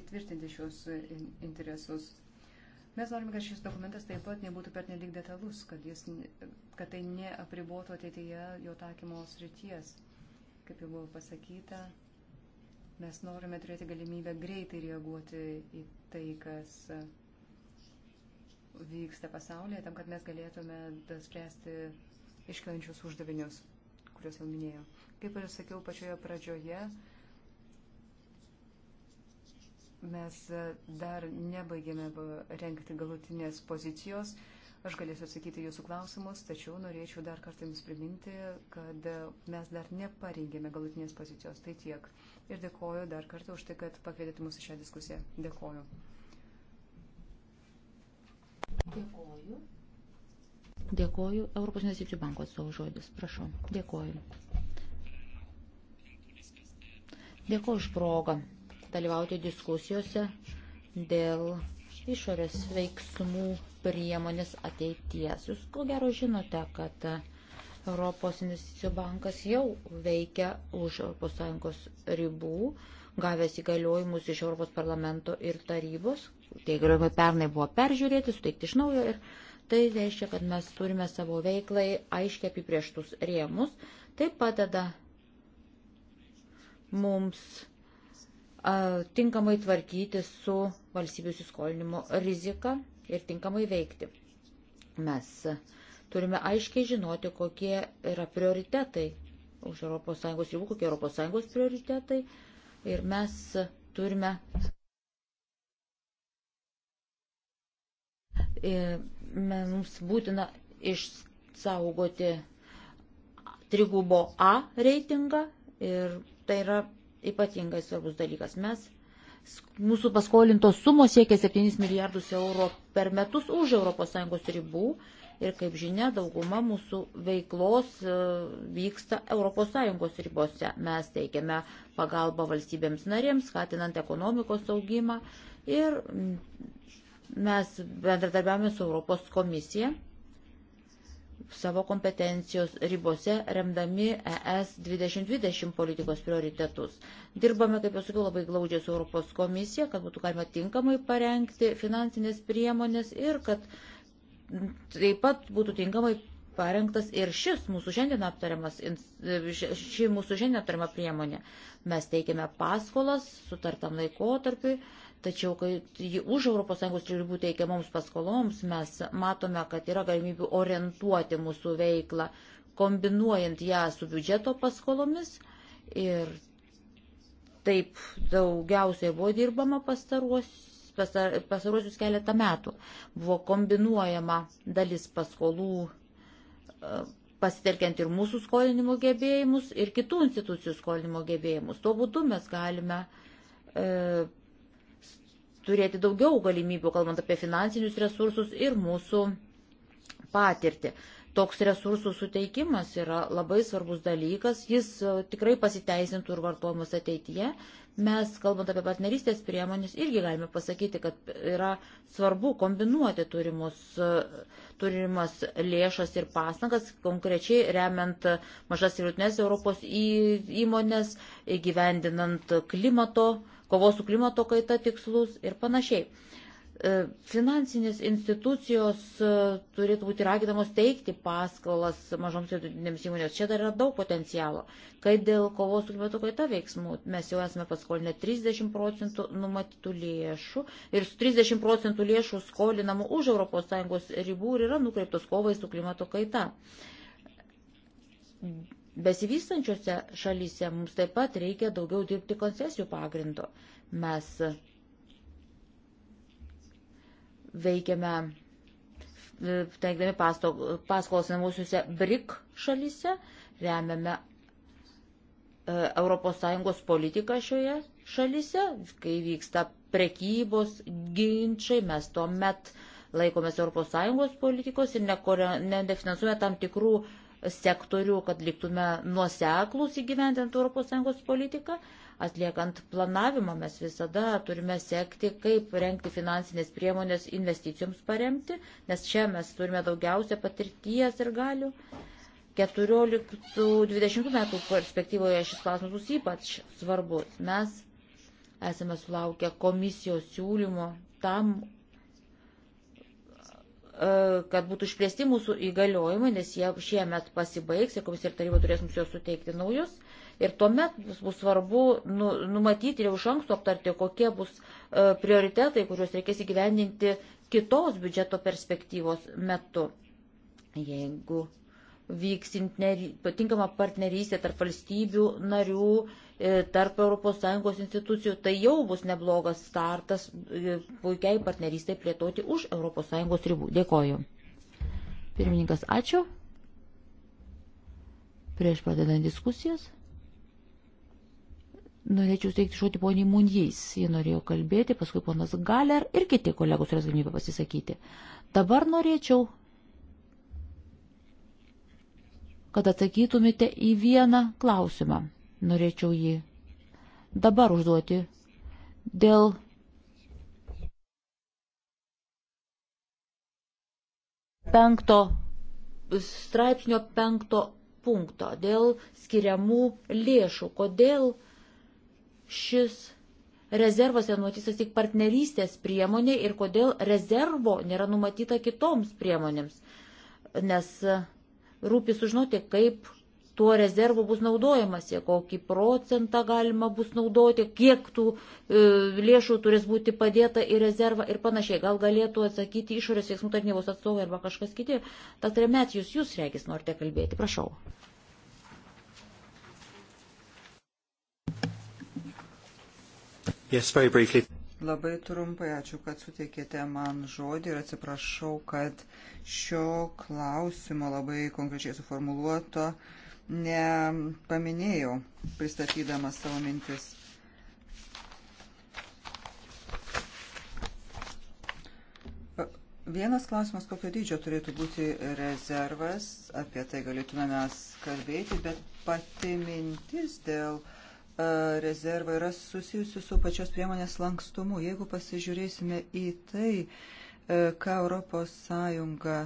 įtvirtinti šios interesus. Mes norime, kad šis dokumentas taip pat nebūtų pernelik detalus, kad, jis, kad tai neapribotų ateityje jo taikymo srities. Kaip jau buvo pasakyta, mes norime turėti galimybę greitai reaguoti į tai, kas uh, vyksta pasaulyje, tam, kad mes galėtume uh, spręsti iškilančius uždavinius, kuriuos jau minėjau. Kaip ir sakiau pačioje pradžioje, mes e, dar nebaigėme renkti galutinės pozicijos. Aš galėsiu atsakyti jūsų klausimus, tačiau norėčiau dar kartą jums priminti, kad e, mes dar neparengėme galutinės pozicijos. Tai tiek. Ir dėkoju dar kartą už tai, kad pakvietėte mus į šią diskusiją. Dėkoju. Dėkoju. Dėkoju. Europos investicijų banko atstovų žodis. Prašau. Dėkoju. Dėkoju už progą dalyvauti diskusijose dėl išorės veiksmų priemonės ateities. Jūs ko gero žinote, kad Europos investicijų bankas jau veikia už ES ribų, gavęs įgaliojimus iš Europos parlamento ir tarybos. Tie įgaliojimai pernai buvo peržiūrėti, suteikti iš naujo ir tai reiškia, kad mes turime savo veiklai aiškiai apibrieštus rėmus. Tai padeda mums tinkamai tvarkyti su valstybių įsiskolinimo rizika ir tinkamai veikti. Mes turime aiškiai žinoti, kokie yra prioritetai už ES ribų, kokie ES prioritetai ir mes turime. E, mums būtina išsaugoti trigubo A reitingą ir tai yra ypatingai svarbus dalykas. Mes, mūsų paskolintos sumos siekia 7 milijardus eurų per metus už ES ribų ir, kaip žinia, dauguma mūsų veiklos e, vyksta ES ribose. Mes teikiame pagalbą valstybėms narėms, skatinant ekonomikos augimą ir mes bendradarbiavame su Europos komisija savo kompetencijos ribose remdami ES 2020 politikos prioritetus. Dirbame, kaip jau sakiau, labai glaudžiai su Europos komisija, kad būtų galima tinkamai parengti finansinės priemonės ir kad taip pat būtų tinkamai parengtas ir šis mūsų šiandien aptariamas, ši mūsų šiandien aptariama priemonė. Mes teikiame paskolas sutartam laikotarpiui Tačiau, kai už ES ribų teikiamoms paskoloms mes matome, kad yra galimybių orientuoti mūsų veiklą, kombinuojant ją su biudžeto paskolomis. Ir taip daugiausiai buvo dirbama pastaruosius, pastar, pastaruosius keletą metų. Buvo kombinuojama dalis paskolų e, pasitelkiant ir mūsų skolinimo gebėjimus, ir kitų institucijų skolinimo gebėjimus. Tuo būdu mes galime e, turėti daugiau galimybių, kalbant apie finansinius resursus ir mūsų patirtį. Toks resursų suteikimas yra labai svarbus dalykas, jis e, tikrai pasiteisintų ir vartojimus ateityje. Mes, kalbant apie partnerystės priemonės, irgi galime pasakyti, kad yra svarbu kombinuoti turimus, e, turimas lėšas ir pastangas, konkrečiai remiant mažas ir rutinės Europos įmonės, gyvendinant klimato uh, kovos su klimato kaita tikslus ir panašiai. E, finansinės institucijos e, turėtų būti raginamos teikti paskolas mažoms ir vidutinėms įmonėms. Čia dar yra daug potencialo. Kai dėl kovos su klimato kaita veiksmų mes jau esame paskolinę 30 procentų numatytų lėšų ir su 30 procentų lėšų skolinamų už ES ribų ir yra nukreiptos kovai su klimato kaita Besivystančiose šalyse mums taip pat reikia daugiau dirbti koncesijų pagrindo. Mes veikiame, teikdami paskolas namusiuose BRIC šalyse, remiame ES politiką šioje šalyse, kai vyksta prekybos ginčiai, mes tuomet laikomės ES politikos ir nefinansuojame ne tam tikrų uh, sektorių, kad liktume nuoseklus įgyvendinti ES politiką. Atliekant planavimą mes visada turime sekti, kaip renkti finansinės priemonės investicijoms paremti, nes čia mes turime daugiausia patirties ir galių. 14-20 metų perspektyvoje šis klausimas bus ypač svarbus. Mes esame sulaukę komisijos siūlymo tam, E, kad būtų išplėsti mūsų įgaliojimai, nes jie šiemet pasibaigs ir komisija ir taryba turės mums juos suteikti naujus. Ir tuomet bus svarbu nu, numatyti ir jau iš anksto aptarti, kokie bus e, prioritetai, kuriuos reikės įgyvendinti kitos biudžeto perspektyvos metu. Jeigu vyks tinkama partnerystė tarp valstybių narių E, tarp ES institucijų, tai jau bus neblogas startas e, puikiai partnerystai plėtoti už ES ribų. Dėkoju. Pirmininkas, ačiū. Prieš pradedant diskusijas. Norėčiau steigti žodį poniai Munjys. Ji norėjo kalbėti, paskui ponas Galer ir kiti kolegos turės galimybę pasisakyti. Dabar norėčiau, kad atsakytumėte į vieną klausimą norėčiau jį dabar užduoti dėl penkto straipsnio penkto punkto, dėl skiriamų lėšų, kodėl šis rezervas yra numatytas tik partnerystės priemonė ir kodėl rezervo nėra numatyta kitoms priemonėms. Nes rūpi sužinoti, kaip tuo rezervu bus naudojamas, kokį procentą galima bus naudoti, kiek tų e, lėšų turės būti padėta į rezervą ir panašiai. Gal galėtų atsakyti išorės veiksmų tarnybos atstovai arba kažkas kiti. Daktarė Metijus, jūs reikės norite kalbėti, prašau. Yes, very briefly. Labai trumpai ačiū, kad suteikėte man žodį ir atsiprašau, kad šio klausimo labai konkrečiai suformuluoto uh, nepaminėjau, pristatydamas savo mintis. Vienas klausimas, kokio dydžio turėtų būti rezervas, apie tai galėtume mes kalbėti, bet pati mintis dėl e, rezervo yra susijusi su pačios priemonės lankstumu. Jeigu pasižiūrėsime į tai, e, ką Europos Sąjunga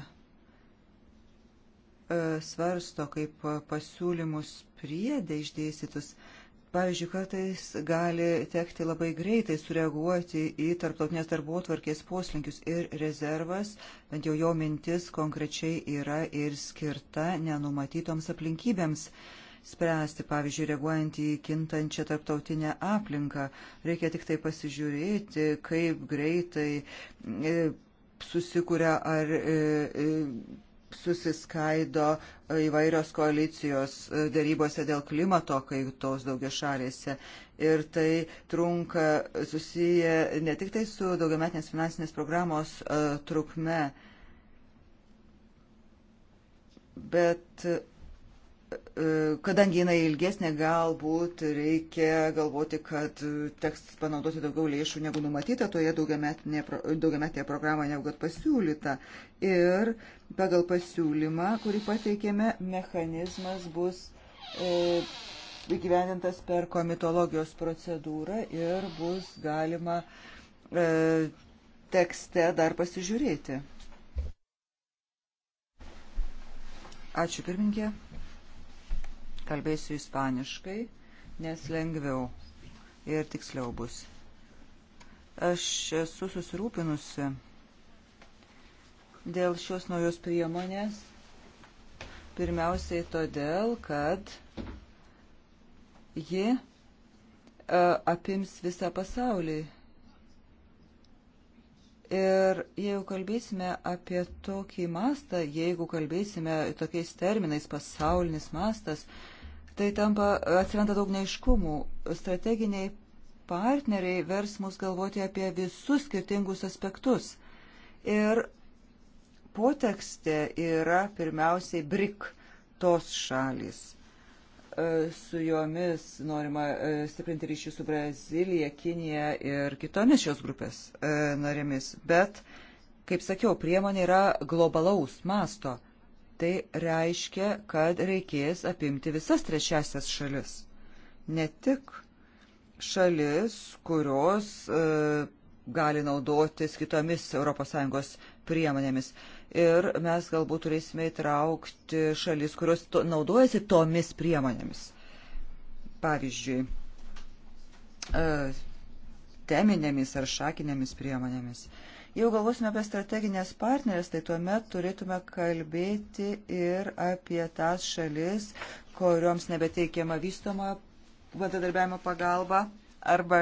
E, svarsto kaip pasiūlymus priedė išdėstytus. Pavyzdžiui, kartais gali tekti labai greitai sureaguoti į tarptautinės darbo tvarkės poslinkius ir rezervas, bent jau jo mintis konkrečiai yra ir skirta nenumatytoms aplinkybėms spręsti, pavyzdžiui, reaguojant į kintančią tarptautinę aplinką. Reikia tik tai pasižiūrėti, kaip greitai e, susikūrė ar e, susiskaido įvairios koalicijos darybose dėl klimato kaitos daugia šalėse. Ir tai trunka susiję ne tik tai su daugiametinės finansinės programos e, trukme, bet E, kadangi jinai ilgesnė, galbūt reikia galvoti, kad e, teks panaudoti daugiau lėšų negu numatyta toje daugiametėje programoje, negu kad pasiūlyta. Ir pagal pasiūlymą, kurį pateikėme, mechanizmas bus e, įgyvendintas e, per komitologijos procedūrą ir bus galima e, tekste dar pasižiūrėti. Ačiū pirmininkė. Kalbėsiu ispaniškai, nes lengviau ir tiksliau bus. Aš esu susirūpinusi dėl šios naujos priemonės. Pirmiausiai todėl, kad ji e, apims visą pasaulį. Ir jeigu kalbėsime apie tokį mastą, jeigu kalbėsime tokiais terminais pasaulinis mastas, tai tampa, atsiranda daug neiškumų. Strateginiai partneriai vers mus galvoti apie visus skirtingus aspektus. Ir potekste yra pirmiausiai BRIC tos šalis e, su jomis norima e, stiprinti ryšį su Brazilija, Kinija ir kitomis šios grupės e, narėmis. Bet, kaip sakiau, priemonė yra globalaus masto. Tai reiškia, kad reikės apimti visas trečiasias šalis. Ne tik šalis, kurios e, gali naudotis kitomis ES priemonėmis. Ir mes galbūt turėsime įtraukti šalis, kurios to, naudojasi tomis priemonėmis. Pavyzdžiui, e, teminėmis ar šakinėmis priemonėmis. E, Jau galvosime apie strateginės partnerės, tai tuomet turėtume kalbėti ir apie tas šalis, kurioms nebeteikiama vystoma bendradarbiavimo pagalba arba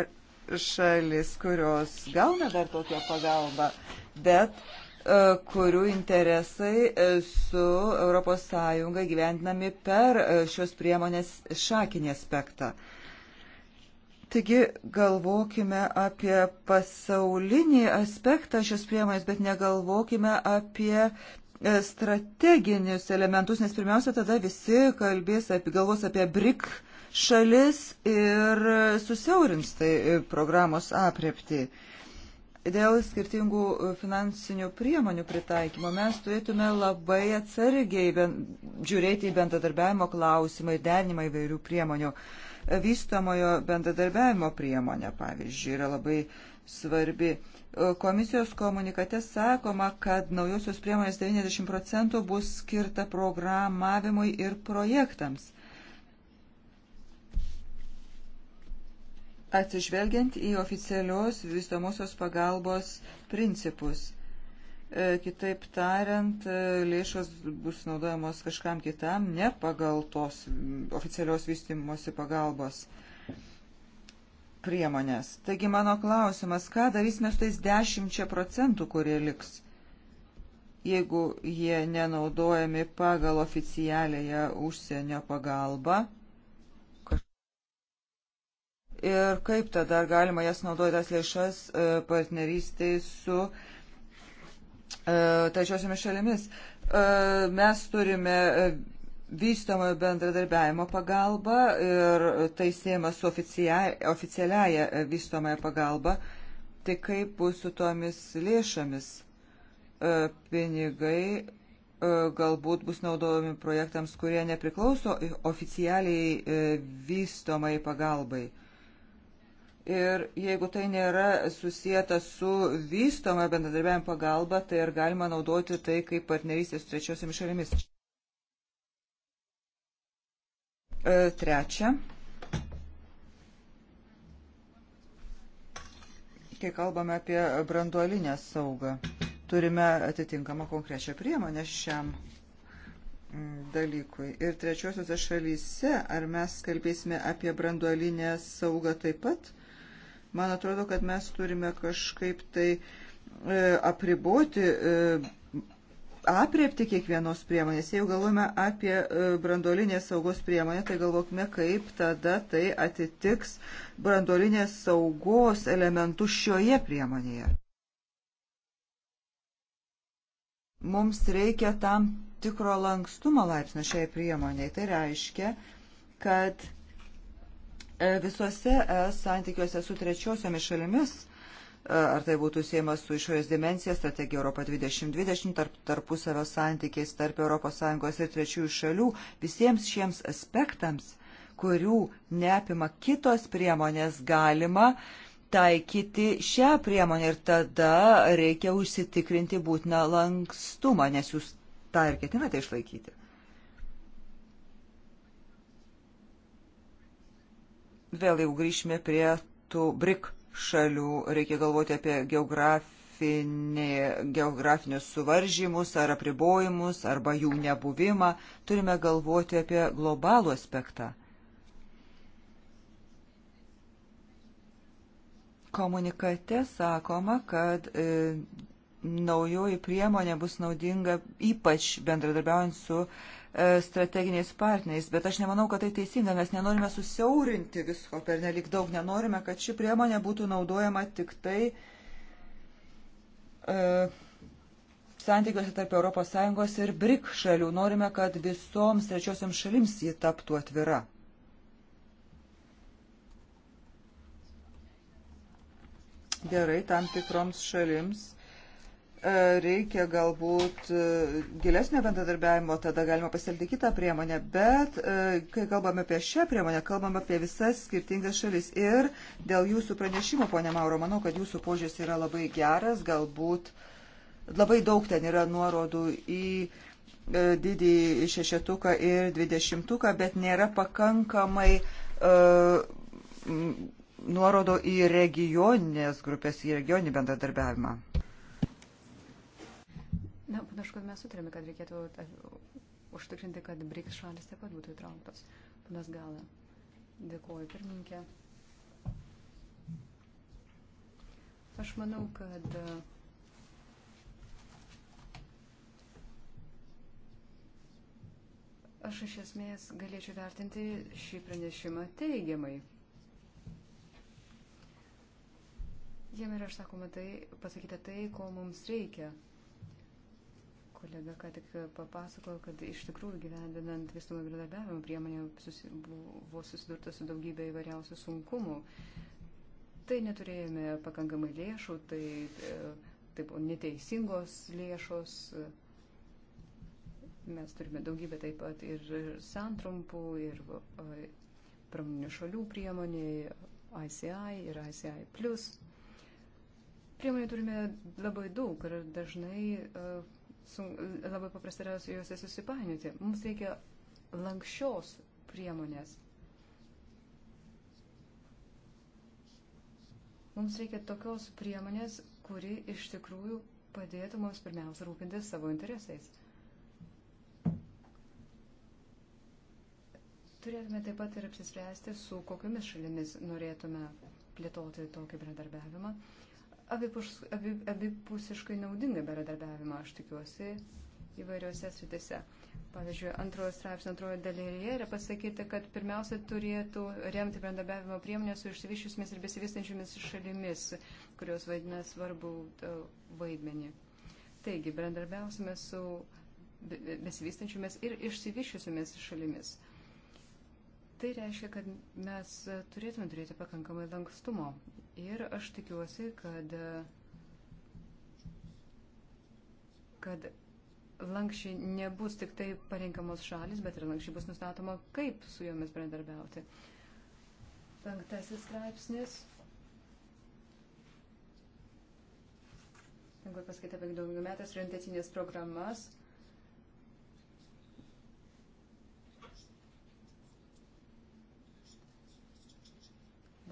šalis, kurios gauna dar tokią pagalbą, bet e, kurių interesai e, su ES gyvendinami per e, šios priemonės šakinį aspektą. Taigi galvokime apie pasaulinį aspektą šios priemonės, bet negalvokime apie e, strateginius elementus, nes pirmiausia tada visi kalbės apie galvos apie BRIC šalis ir susiaurins tai e, programos apriepti. Dėl skirtingų e, finansinių priemonių pritaikymo mes turėtume labai atsargiai žiūrėti į bendradarbiavimo klausimą ir derinimą įvairių priemonių. Uh, vystomojo bendradarbiavimo priemonė, pavyzdžiui, yra labai svarbi. Komisijos komunikate sakoma, kad naujosios priemonės 90 procentų bus skirta programavimui ir projektams. Atsižvelgiant į oficialios vystomosios pagalbos principus E, kitaip tariant, e, lėšos bus naudojamos kažkam kitam, ne pagal tos oficialios vystimosi pagalbos priemonės. Taigi mano klausimas, ką darysime su tais 10 procentų, kurie liks, jeigu jie nenaudojami pagal oficialiąją užsienio pagalbą? Ir kaip tada galima jas naudoti tas lėšas e, partnerystėj su uh, E, trečiosiomis šalimis. E, mes turime e, vystomojo bendradarbiavimo pagalbą ir tai siema su oficialiaja vystomoja pagalba. Tai kaip bus su tomis lėšomis? Pinigai galbūt bus naudojami projektams, kurie nepriklauso oficialiai vystomai pagalbai. Ir jeigu tai nėra susijęta su vystoma bendradarbiavimo pagalba, tai ar galima naudoti tai kaip partnerystė su trečiosiamis šalimis? E, trečia. Kai kalbame apie branduolinę saugą, turime atitinkamą konkrečią priemonę šiam mm, dalykui. Ir trečiosiuose šalyse, ar mes kalbėsime apie branduolinę saugą taip pat? Man atrodo, kad mes turime kažkaip tai e, apriboti. E, apriepti kiekvienos priemonės. Jeigu galvojame apie e, brandolinės saugos priemonę, tai galvokime, kaip tada tai atitiks brandolinės saugos elementų šioje priemonėje. Mums reikia tam tikro lankstumo laipsnio šiai priemoniai. Tai reiškia, kad E, Visose e, santykiuose su trečiosiomis šalimis, e, ar tai būtų siejamas su išorės dimencija, strategija Europa 2020, tarp, tarpusavio santykiais tarp ES ir trečiųjų šalių, visiems šiems aspektams, kurių neapima kitos priemonės, galima taikyti šią priemonę ir tada reikia užsitikrinti būtiną lankstumą, nes jūs tą ir ketinate išlaikyti. Vėl jau grįžime prie tų BRIC šalių, reikia galvoti apie geografinį, geografinius suvaržymus ar apribojimus arba jų nebuvimą, turime galvoti apie globalų aspektą. Komunikate sakoma, kad e, naujoji priemonė bus naudinga ypač bendradarbiaujant su e, E, strateginiais partneriais, bet aš nemanau, kad tai teisinga, mes nenorime susiaurinti visko per nelik daug, nenorime, kad ši priemonė būtų naudojama tik tai e, santykiuose tarp ES ir BRIC šalių. Norime, kad visoms trečiosiams šalims ji taptų atvira. Gerai, tam tikroms šalims E, reikia galbūt e, gilesnio bendradarbiavimo, tada galima pasitelkti kitą priemonę, bet e, kai kalbame apie šią priemonę, kalbame apie visas skirtingas šalis. Ir dėl jūsų pranešimo, ponė Mauro, manau, kad jūsų požiūris yra labai geras, galbūt labai daug ten yra nuorodų į didį šešetuką ir dvidešimtuką, bet nėra pakankamai uh, nuorodo į regioninės grupės, į regioninį bendradarbiavimą. Na, panašu, kad mes sutarėme, kad reikėtų e, užtikrinti, kad BRICS šalis taip pat būtų įtrauktos. Panas Galė, dėkuoju pirmininkė. Aš manau, kad e, aš iš esmės galėčiau vertinti šį pranešimą teigiamai. Jame yra, aš sakoma, tai pasakyta tai, ko mums reikia kolega ką tik e, papasakojo, kad iš tikrųjų gyvendinant visų bendradarbiavimo priemonę susi, buvo susidurta su daugybė įvairiausių sunkumų. Tai neturėjome pakankamai lėšų, tai, e, tai buvo neteisingos lėšos. Mes turime daugybę taip pat ir santrumpų, ir e, pramoninių šalių priemonė, ICI ir ICI. Priemonių turime labai daug ir dažnai uh, labai paprasta yra su juose susipainioti. Mums reikia lankščios priemonės. Mums reikia tokios priemonės, kuri iš tikrųjų padėtų mums pirmiausia rūpintis savo interesais. Turėtume taip pat ir apsispręsti, su kokiamis šalimis norėtume plėtoti tokį bendradarbiavimą. Uh, abipus, abip, abipusiškai naudingą bendradarbiavimą, aš tikiuosi, įvairiuose sritise. Pavyzdžiui, antrojo straipsnio antrojo dalyje yra pasakyta, kad pirmiausia turėtų remti bendradarbiavimo priemonės su išsivyščiusiamis ir besivystančiomis šalimis, kurios vaidina svarbu e, vaidmenį. Taigi, bendradarbiausime su besivystančiomis ir išsivyščiusiamis šalimis. Uh, Tai reiškia, kad mes turėtume turėti pakankamai lankstumo. Ir aš tikiuosi, kad, kad lankščiai nebus tik tai parinkamos šalis, bet ir lankščiai bus nustatoma, kaip su jomis bendarbiauti. Penktasis straipsnis. Tengur paskaita apie daugiau metas orientacinės programas.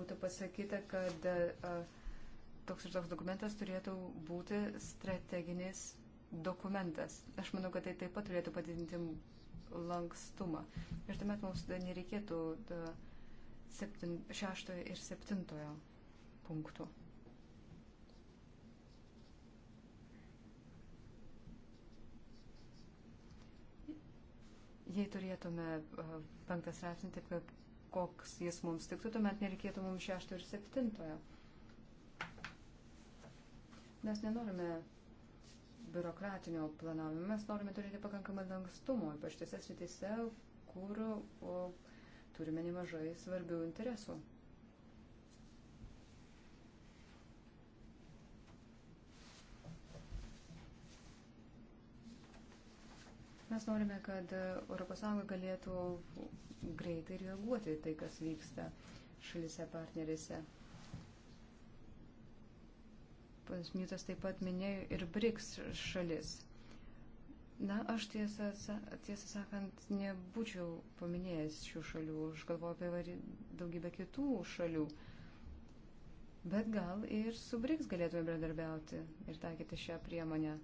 būtų pasakyta, kad toks ir toks dokumentas turėtų būti strateginis dokumentas. Aš manau, kad tai taip pat turėtų padidinti lankstumą. Ir tuomet mums nereikėtų septin, šeštojo ir septintojo punktų. Jei turėtume penktą straipsnį, taip kaip koks jis mums tiktų, tuomet nereikėtų mums šešto ir septintojo. Mes nenorime biurokratinio planavimo, mes norime turėti pakankamą lankstumo, ypač tiesiog sritise, kur o, turime nemažai svarbių interesų. Mes norime, kad ES galėtų greitai reaguoti tai, kas vyksta šalyse partnerėse. Panas Mytas taip pat minėjo ir BRICS šalis. Na, aš tiesą, tiesą sakant, nebūčiau paminėjęs šių šalių, aš galvoju apie daugybę kitų šalių. Bet gal ir su BRICS galėtume bendradarbiauti ir taikyti šią priemonę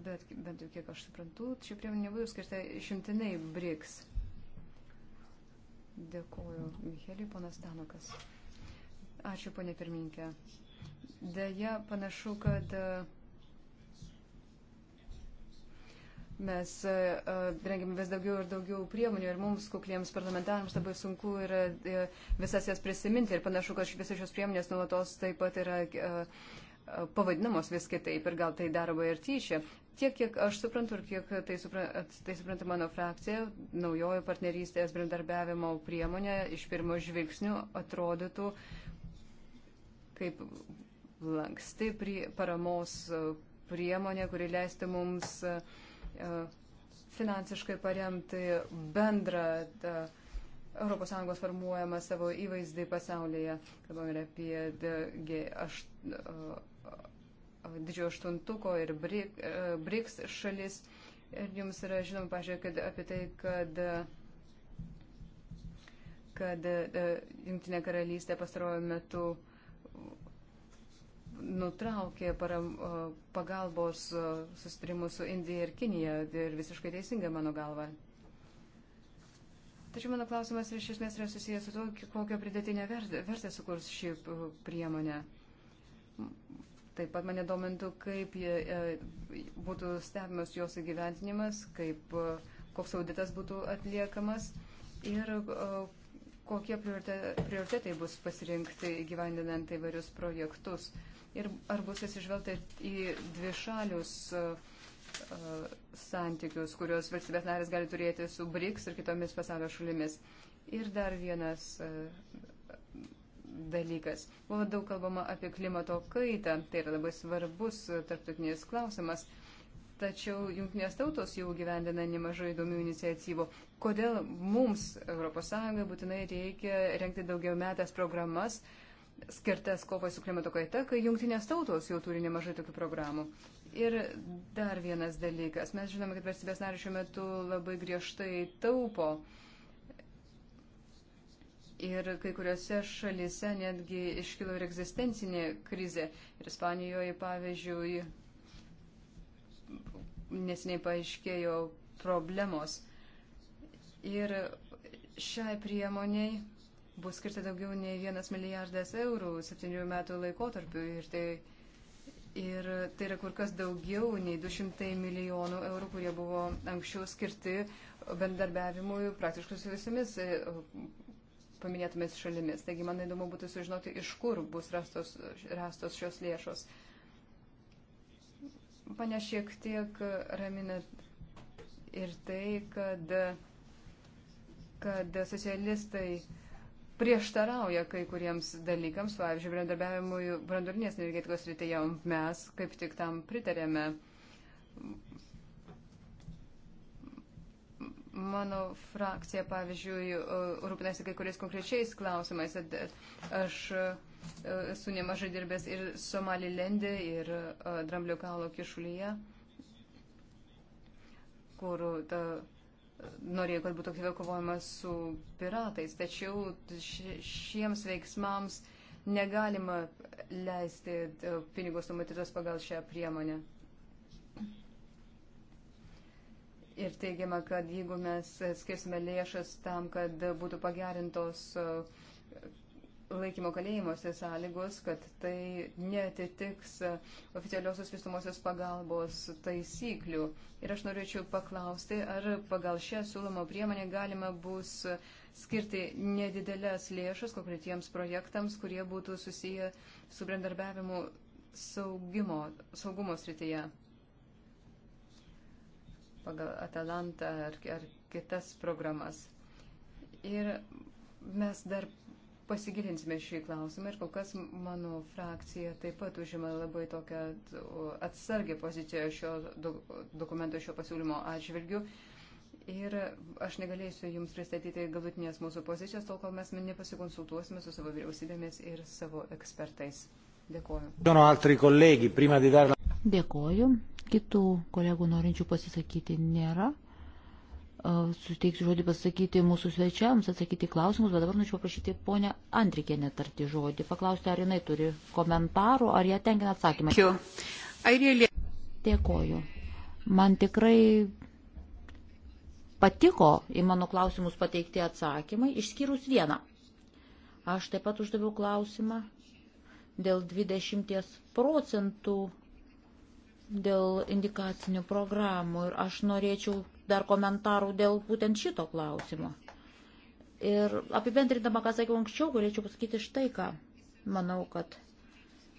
bet bent jau kiek aš suprantu, ši priemonė nebuvo skirta šimtinai BRICS. Dėkuoju, Micheliui, ponas Danukas. Ačiū, ponė pirmininkė. Deja, panašu, kad e, mes e, e, rengiame vis daugiau ir daugiau priemonių ir mums, kukliems parlamentarams, labai sunku yra visas jas prisiminti ir panašu, kad visos šios priemonės nuolatos taip pat yra pavadinamos vis kitaip ir gal tai daroma ir tyčia. Tiek, kiek aš suprantu ir kiek tai, supra, tai supranta mano frakcija, naujojo partnerystės bendarbiavimo priemonė iš pirmo žvilgsnio atrodytų kaip lanksti prie, paramos priemonė, kuri leistų mums e, finansiškai paremti bendrą ES formuojamą savo įvaizdį pasaulyje. Kalbame apie G8 didžiojo aštuntuko ir BRICS e, šalis. Ir jums yra žinoma, pažiūrėjau, apie tai, kad, kad e, Junktinė karalystė pastarojų metų nutraukė param, e, pagalbos sustrimus su Indija ir Kinija ir visiškai teisinga mano galva. Tačiau mano klausimas iš esmės yra susijęs su to, kokią pridėtinę vertę sukurs šį priemonę. Taip pat mane domintų, kaip e, būtų stebimas jos įgyventinimas, kaip, e, koks auditas būtų atliekamas ir e, kokie prioritetai bus pasirinkti įgyvendinant įvairius projektus. Ir ar bus atsižvelgta į dvišalius santykius, kuriuos valstybės narės gali turėti su BRICS ir kitomis pasaulio šalimis. Ir dar vienas dalykas. Buvo daug kalbama apie klimato kaitą, tai yra labai svarbus tarptautinės klausimas. Tačiau jungtinės tautos jau gyvendina nemažai įdomių iniciatyvų. Kodėl mums, ES, būtinai reikia renkti daugiau metas programas, skirtas kovai su klimato kaita, kai jungtinės tautos jau turi nemažai tokių programų. Ir dar vienas dalykas. Mes žinome, kad valstybės nariai šiuo metu labai griežtai taupo. Uh, Ir kai kuriuose šalise netgi iškilo ir egzistencinė krizė. Ir Ispanijoje, pavyzdžiui, nesiniai paaiškėjo problemos. Ir šiai priemoniai bus skirta daugiau nei vienas milijardas eurų septynių metų laikotarpiu. Ir tai, ir tai yra kur kas daugiau nei 200 milijonų eurų, kurie buvo anksčiau skirti bendarbiavimui praktiškai su visomis paminėtomis šalimis. Taigi man įdomu būtų sužinoti, iš kur bus rastos, rastos šios lėšos. Mane šiek tiek ramina ir tai, kad, kad socialistai prieštarauja kai kuriems dalykams, pavyzdžiui, bendradarbiavimui brandurinės energetikos rytyje mes kaip tik tam pritarėme Mano frakcija, pavyzdžiui, e, rūpinasi kai kuriais konkrečiais klausimais. E, aš e, esu nemažai dirbęs ir Somalilendė, ir Dramblio kalo kišulyje, kur ta, norėjau, kad būtų aktyviau kovojama su piratais. Tačiau šiems veiksmams negalima leisti pinigus numatytos pagal šią priemonę. Ir teigiama, kad jeigu mes skirsime lėšas tam, kad būtų pagerintos e, laikymo kalėjimuose sąlygos, kad tai netitiks e, oficialiosios visumosios pagalbos taisyklių. Ir aš norėčiau paklausti, ar pagal šią siūlomą priemonę galima bus skirti nedidelės lėšas konkretiems projektams, kurie būtų susiję su bendarbiavimu saugumo srityje pagal Atalantą ar, ar kitas programas. Ir mes dar pasigilinsime šį klausimą ir kol kas mano frakcija taip pat užima labai tokią atsargę poziciją šio dokumento, šio pasiūlymo atžvilgių. Ir aš negalėsiu Jums pristatyti galutinės mūsų pozicijos, tol kol mes nepasikonsultuosime su savo vyriausybėmis ir savo ekspertais. Dėkuoju. Dėkoju. Kitų kolegų norinčių pasisakyti nėra. Suteiksiu žodį pasakyti mūsų svečiams, atsakyti klausimus, bet dabar norėčiau paprašyti ponę Antrikienę tarti žodį, paklausti, ar jinai turi komentarų, ar ją tenkina atsakymai. Dėkoju. Man tikrai patiko į mano klausimus pateikti atsakymai, išskyrus vieną. Aš taip pat uždaviau klausimą dėl 20 procentų dėl indikacinių programų ir aš norėčiau dar komentarų dėl būtent šito klausimo. Ir apibendrindama, ką sakiau anksčiau, galėčiau pasakyti štai ką. Manau, kad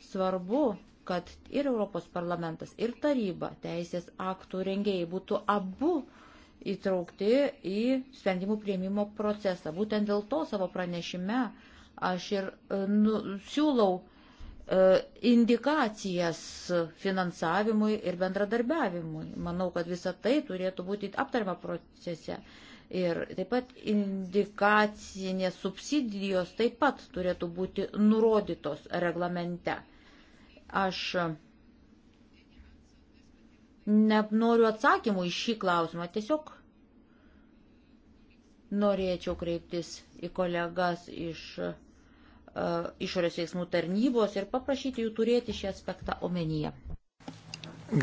svarbu, kad ir Europos parlamentas, ir taryba teisės aktų rengėjai būtų abu įtraukti į sprendimų prieimimo procesą. Būtent dėl to savo pranešime aš ir e, nu, siūlau E, indikacijas finansavimui ir bendradarbiavimui. Manau, kad visa tai turėtų būti aptariama procese. Ir taip pat indikacinės subsidijos taip pat turėtų būti nurodytos reglamente. Aš nenoriu atsakymų į šį klausimą, tiesiog norėčiau kreiptis į kolegas iš E, išorės veiksmų tarnybos ir paprašyti jų turėti šį aspektą omenyje.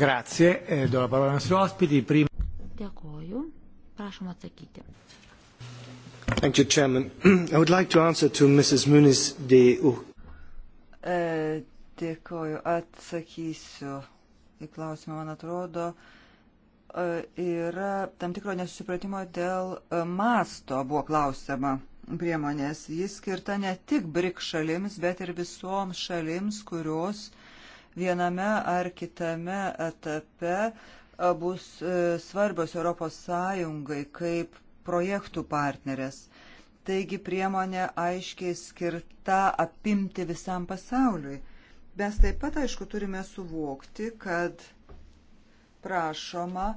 Grazie, e, do la parola nostri ospiti. Prim... Dėkoju, prašom atsakyti. Thank you, Chairman. <clears throat> I would like to answer to Mrs. Muniz de U. E, dėkoju, atsakysiu į klausimą, man atrodo, e, yra tam tikro nesusipratimo dėl e, masto buvo klausima priemonės. Jis skirta ne tik BRIC šalims, bet ir visoms šalims, kurios viename ar kitame etape bus e, svarbios ES kaip projektų partnerės. Taigi priemonė aiškiai skirta apimti visam pasauliui. Mes taip pat, aišku, turime suvokti, kad prašoma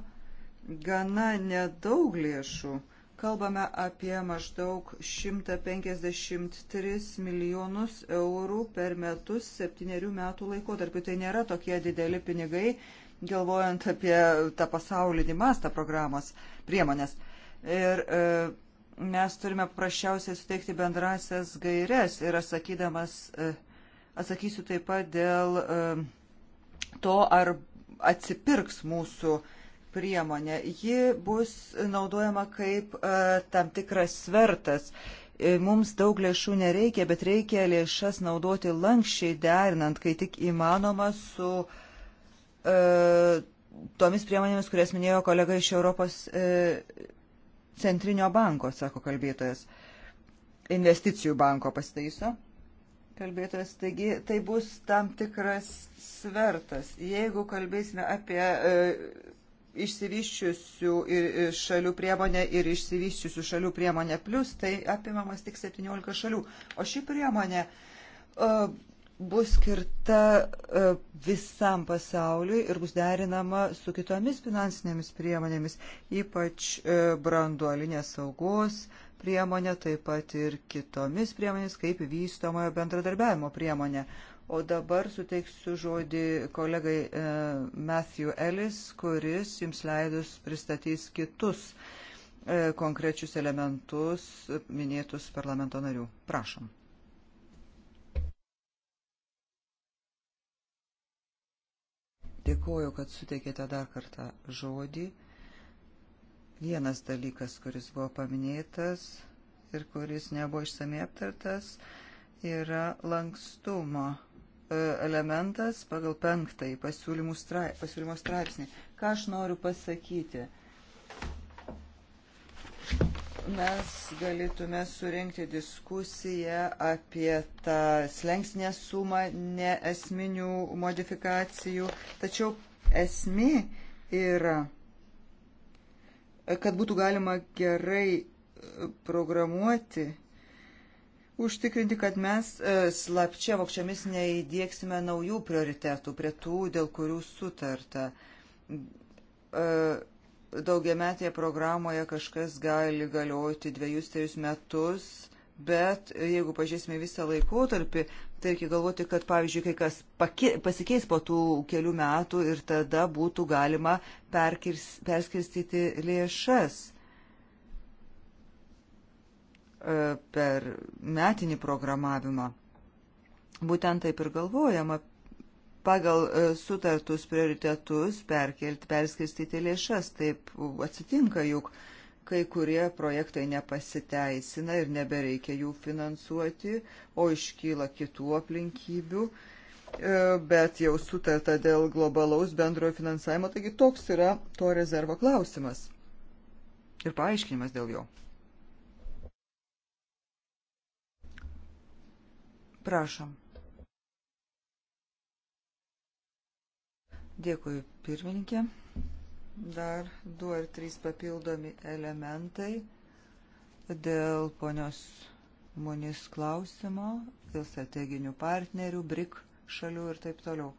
gana nedaug lėšų Kalbame apie maždaug 153 milijonus eurų per metus septyniarių metų laikotarpiu. Tai nėra tokie dideli pinigai, galvojant apie tą pasaulinį mastą programos priemonės. Ir e, mes turime paprasčiausiai suteikti bendrasias gairias ir atsakydamas, e, atsakysiu taip pat dėl e, to, ar atsipirks mūsų e, priemonė. Ji bus naudojama kaip e, tam tikras svertas. E, mums daug lėšų nereikia, bet reikia lėšas naudoti lankščiai derinant, kai tik įmanoma su e, tomis priemonėmis, kurias minėjo kolega iš Europos e, centrinio banko, sako kalbėtojas. Investicijų banko pasitaiso kalbėtojas. Taigi tai bus tam tikras svertas. Jeigu kalbėsime apie e, išsivyščiusių šalių priemonė ir išsivyščiusių šalių priemonė plus, tai apimamas tik 17 šalių. O ši priemonė uh, bus skirta uh, visam pasauliui ir bus derinama su kitomis finansinėmis priemonėmis, ypač uh, branduolinės saugos priemonė, taip pat ir kitomis priemonėmis, kaip vystomojo bendradarbiavimo priemonė. Uh, O dabar suteiksiu žodį kolegai e, Matthew Ellis, kuris jums leidus pristatys kitus e, konkrečius elementus minėtus parlamento narių. Prašom. Dėkuoju, kad suteikėte dar kartą žodį. Vienas dalykas, kuris buvo paminėtas ir kuris nebuvo išsamei aptartas, yra lankstumo E, elementas pagal penktąjį straip, pasiūlymo straipsnį. Ką aš noriu pasakyti? Mes galėtume surenkti diskusiją apie tą slengsnę sumą neesminių modifikacijų, tačiau esmi yra, kad būtų galima gerai e, programuoti užtikrinti, kad mes e, slapčia vokščiomis neįdėksime naujų prioritetų prie tų, dėl kurių sutarta. E, daugiametėje programoje kažkas gali galioti dviejus, trejus metus, bet jeigu pažiūrėsime visą laikotarpį, tai reikia galvoti, kad pavyzdžiui, kai kas pasikeis po tų kelių metų ir tada būtų galima perskirstyti lėšas E, per metinį programavimą. Būtent taip ir galvojama pagal e, sutartus prioritetus perkelti, perskirstyti lėšas. Taip atsitinka juk, kai kurie projektai nepasiteisina ir nebereikia jų finansuoti, o iškyla kitų aplinkybių, e, bet jau sutarta dėl globalaus bendrojo finansavimo, taigi toks yra to rezervo klausimas ir paaiškinimas dėl jo. Prašom. Dėkui, pirmininkė. Dar du ar trys papildomi elementai dėl ponios Munis klausimo, dėl strateginių partnerių, BRIC šalių ir taip toliau.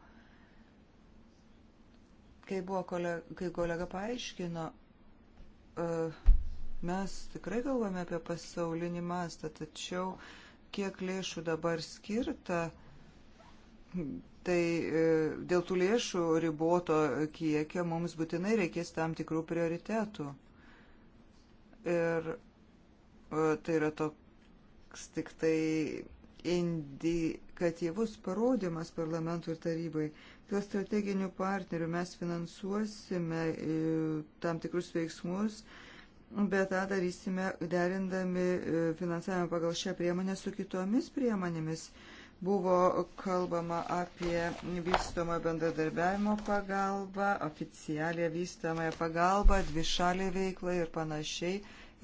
Kai, buvo kolega, kai kolega paaiškino, e, mes tikrai galvojame apie pasaulinį mastą, tačiau uh, kiek lėšų dabar skirta, tai e, dėl tų lėšų riboto kiekio mums būtinai reikės tam tikrų prioritetų. Ir e, tai yra toks tik tai indikatyvus parodymas parlamentui ir tarybai. Dėl strateginių partnerių mes finansuosime e, tam tikrus veiksmus, bet tą darysime derindami e, finansavimą pagal šią priemonę su kitomis priemonėmis. Buvo kalbama apie vystomą bendradarbiavimo pagalbą, oficialią vystamąją pagalbą, dvišalį veiklą ir panašiai.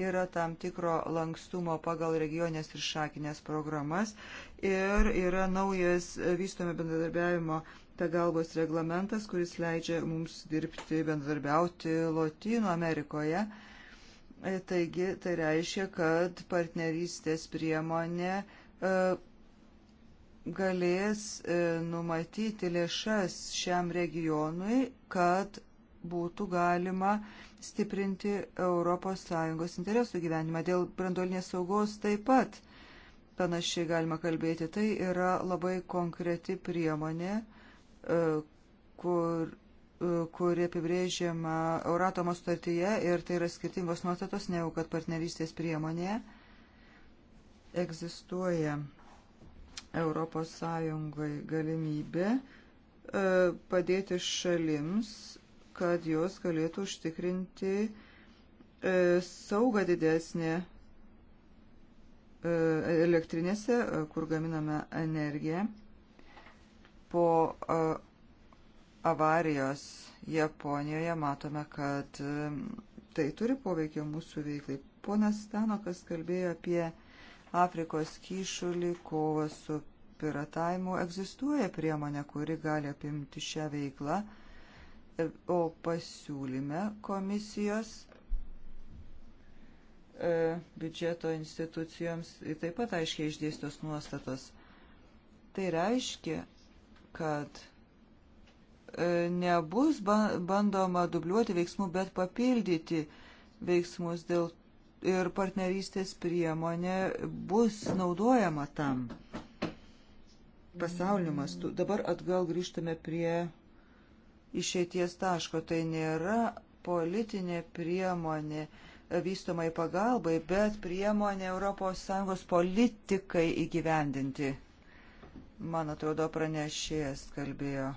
Yra tam tikro lankstumo pagal regionės ir šakinės programas ir yra naujas vystomio bendradarbiavimo pagalbos reglamentas, kuris leidžia mums dirbti, bendradarbiauti Lotynų Amerikoje. Ja? E, taigi tai reiškia, kad partnerystės priemonė e, galės e, numatyti lėšas šiam regionui, kad būtų galima stiprinti ES interesų gyvenimą. Dėl brandolinės saugos taip pat panašiai galima kalbėti. Tai yra labai konkreti priemonė, kur kuri apibrėžiama Euratomo sutartyje ir tai yra skirtingos nuostatos, ne jau kad partnerystės priemonėje egzistuoja Europos Sąjungai galimybė e, padėti šalims, kad jos galėtų užtikrinti e, saugą didesnį e, elektrinėse, kur gaminame energiją po avarijos Japonijoje matome, kad tai turi poveikio mūsų veiklai. Ponas Stanokas kalbėjo apie Afrikos kyšulį, kovą su piratavimu. Egzistuoja priemonė, kuri gali apimti šią veiklą, e, o pasiūlyme komisijos e, biudžeto institucijoms taip pat aiškiai išdėstos nuostatos. Tai reiškia, kad E, nebus bandoma dubliuoti veiksmų, bet papildyti veiksmus dėl ir partnerystės priemonė bus naudojama tam pasauliniu mastu. Dabar atgal grįžtame prie išeities taško. Tai nėra politinė priemonė vystomai pagalbai, bet priemonė ES politikai įgyvendinti. Man atrodo, pranešėjas kalbėjo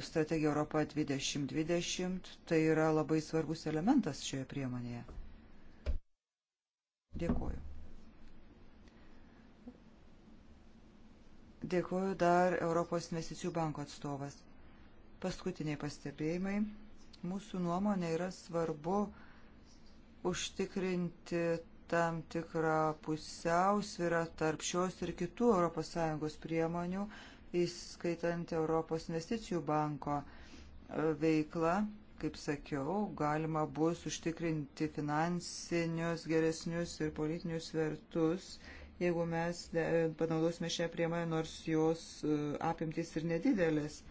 strategija Europa 2020, tai yra labai svarbus elementas šioje priemonėje. Dėkuoju. Dėkuoju dar Europos investicijų banko atstovas. Paskutiniai pastebėjimai. Mūsų nuomonė yra svarbu užtikrinti tam tikrą pusiausvyrą tarp šios ir kitų ES priemonių, įskaitant Europos investicijų banko veiklą. Kaip sakiau, galima bus užtikrinti finansinius geresnius ir politinius vertus, jeigu mes e, panaudosime šią priemonę, nors jos e, apimtys ir nedidelės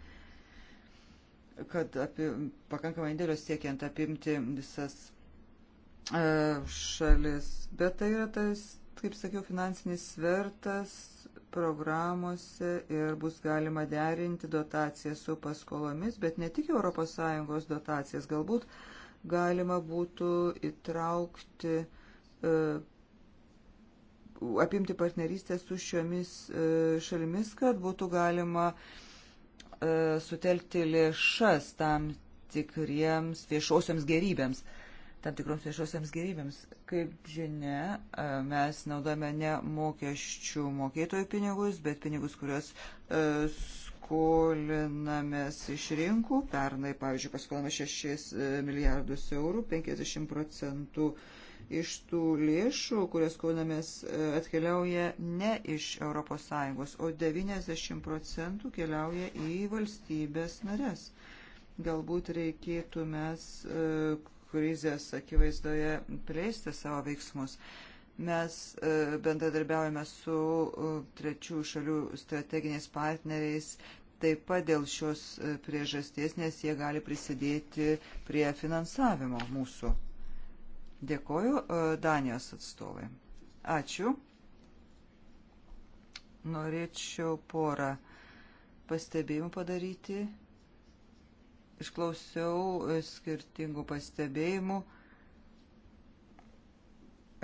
kad apie, pakankamai indėlio siekiant apimti visas e, šalis. Bet tai yra tas, kaip sakiau, finansinis svertas, programuose ir bus galima derinti dotacijas su paskolomis, bet ne tik ES dotacijas, galbūt galima būtų įtraukti, e, apimti partnerystę su šiomis e, šalimis, kad būtų galima e, sutelkti lėšas tam tikriems viešosioms gerybėms tam tikroms viešosiams gerybėms. Kaip žinia, e, mes naudojame ne mokesčių mokėtojų pinigus, bet pinigus, kuriuos e, skolinamės iš rinkų. Pernai, pavyzdžiui, paskolame 6 e, milijardus eurų, 50 procentų iš tų lėšų, kurias kaunamės atkeliauja ne iš ES, o 90 procentų keliauja į valstybės narės. Galbūt reikėtų mes krizės akivaizdoje plėsti savo veiksmus. Mes e, bendradarbiaujame su e, trečių šalių strateginiais partneriais taip pat dėl šios e, priežasties, nes jie gali prisidėti prie finansavimo mūsų. Dėkoju Danijos atstovai. Ačiū. Norėčiau porą pastebėjimų padaryti. Išklausiau skirtingų pastebėjimų.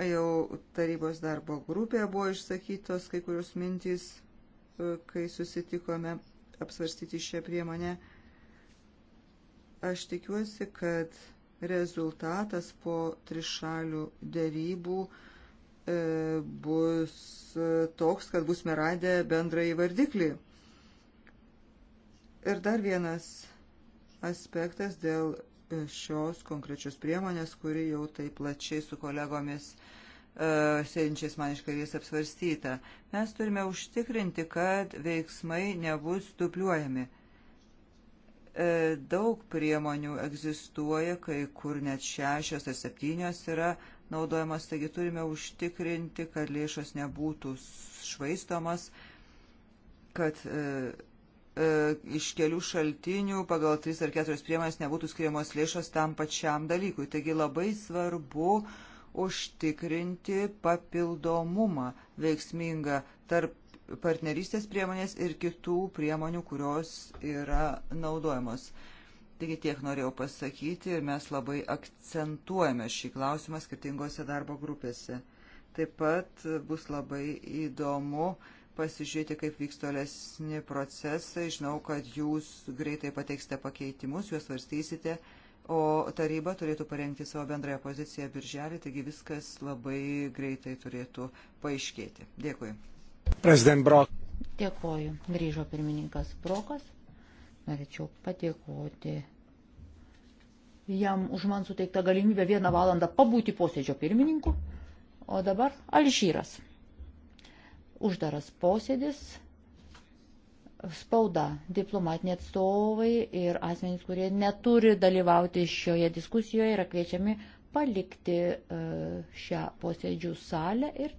Jau tarybos darbo grupėje buvo išsakytos kai kurios mintys, e, kai susitikome apsvarstyti šią priemonę. Aš tikiuosi, kad rezultatas po trišalių dėrybų e, bus e, toks, kad bus meradę bendrąjį vardiklį. Ir dar vienas aspektas dėl e, šios konkrečios priemonės, kuri jau taip plačiai su kolegomis e, sėdinčiais man iš kairės apsvarstyta. Mes turime užtikrinti, kad veiksmai nebus dupliuojami. E, daug priemonių egzistuoja, kai kur net šešios ar septynios yra naudojamos, taigi turime užtikrinti, kad lėšos nebūtų švaistomas, kad E, iš kelių šaltinių pagal tris ar keturias priemonės nebūtų skiriamos lėšos tam pačiam dalykui. Taigi labai svarbu užtikrinti papildomumą veiksmingą tarp partnerystės priemonės ir kitų priemonių, kurios yra naudojamos. Taigi tiek norėjau pasakyti ir mes labai akcentuojame šį klausimą skirtingose darbo grupėse. Taip pat bus labai įdomu uh, pasižiūrėti, kaip vyks tolesni procesai. Žinau, kad jūs greitai pateiksite pakeitimus, juos varstysite, o taryba turėtų parengti savo bendrąją poziciją birželį, taigi viskas labai greitai turėtų paaiškėti. Dėkui. Prezident Brok. Dėkoju. Grįžo pirmininkas Brokas. Norėčiau padėkoti jam už man suteiktą galimybę vieną valandą pabūti posėdžio pirmininku. O dabar Alžyras uždaras posėdis, spauda, diplomatiniai atstovai ir asmenys, kurie neturi dalyvauti šioje diskusijoje, yra kviečiami palikti e, šią posėdžių salę ir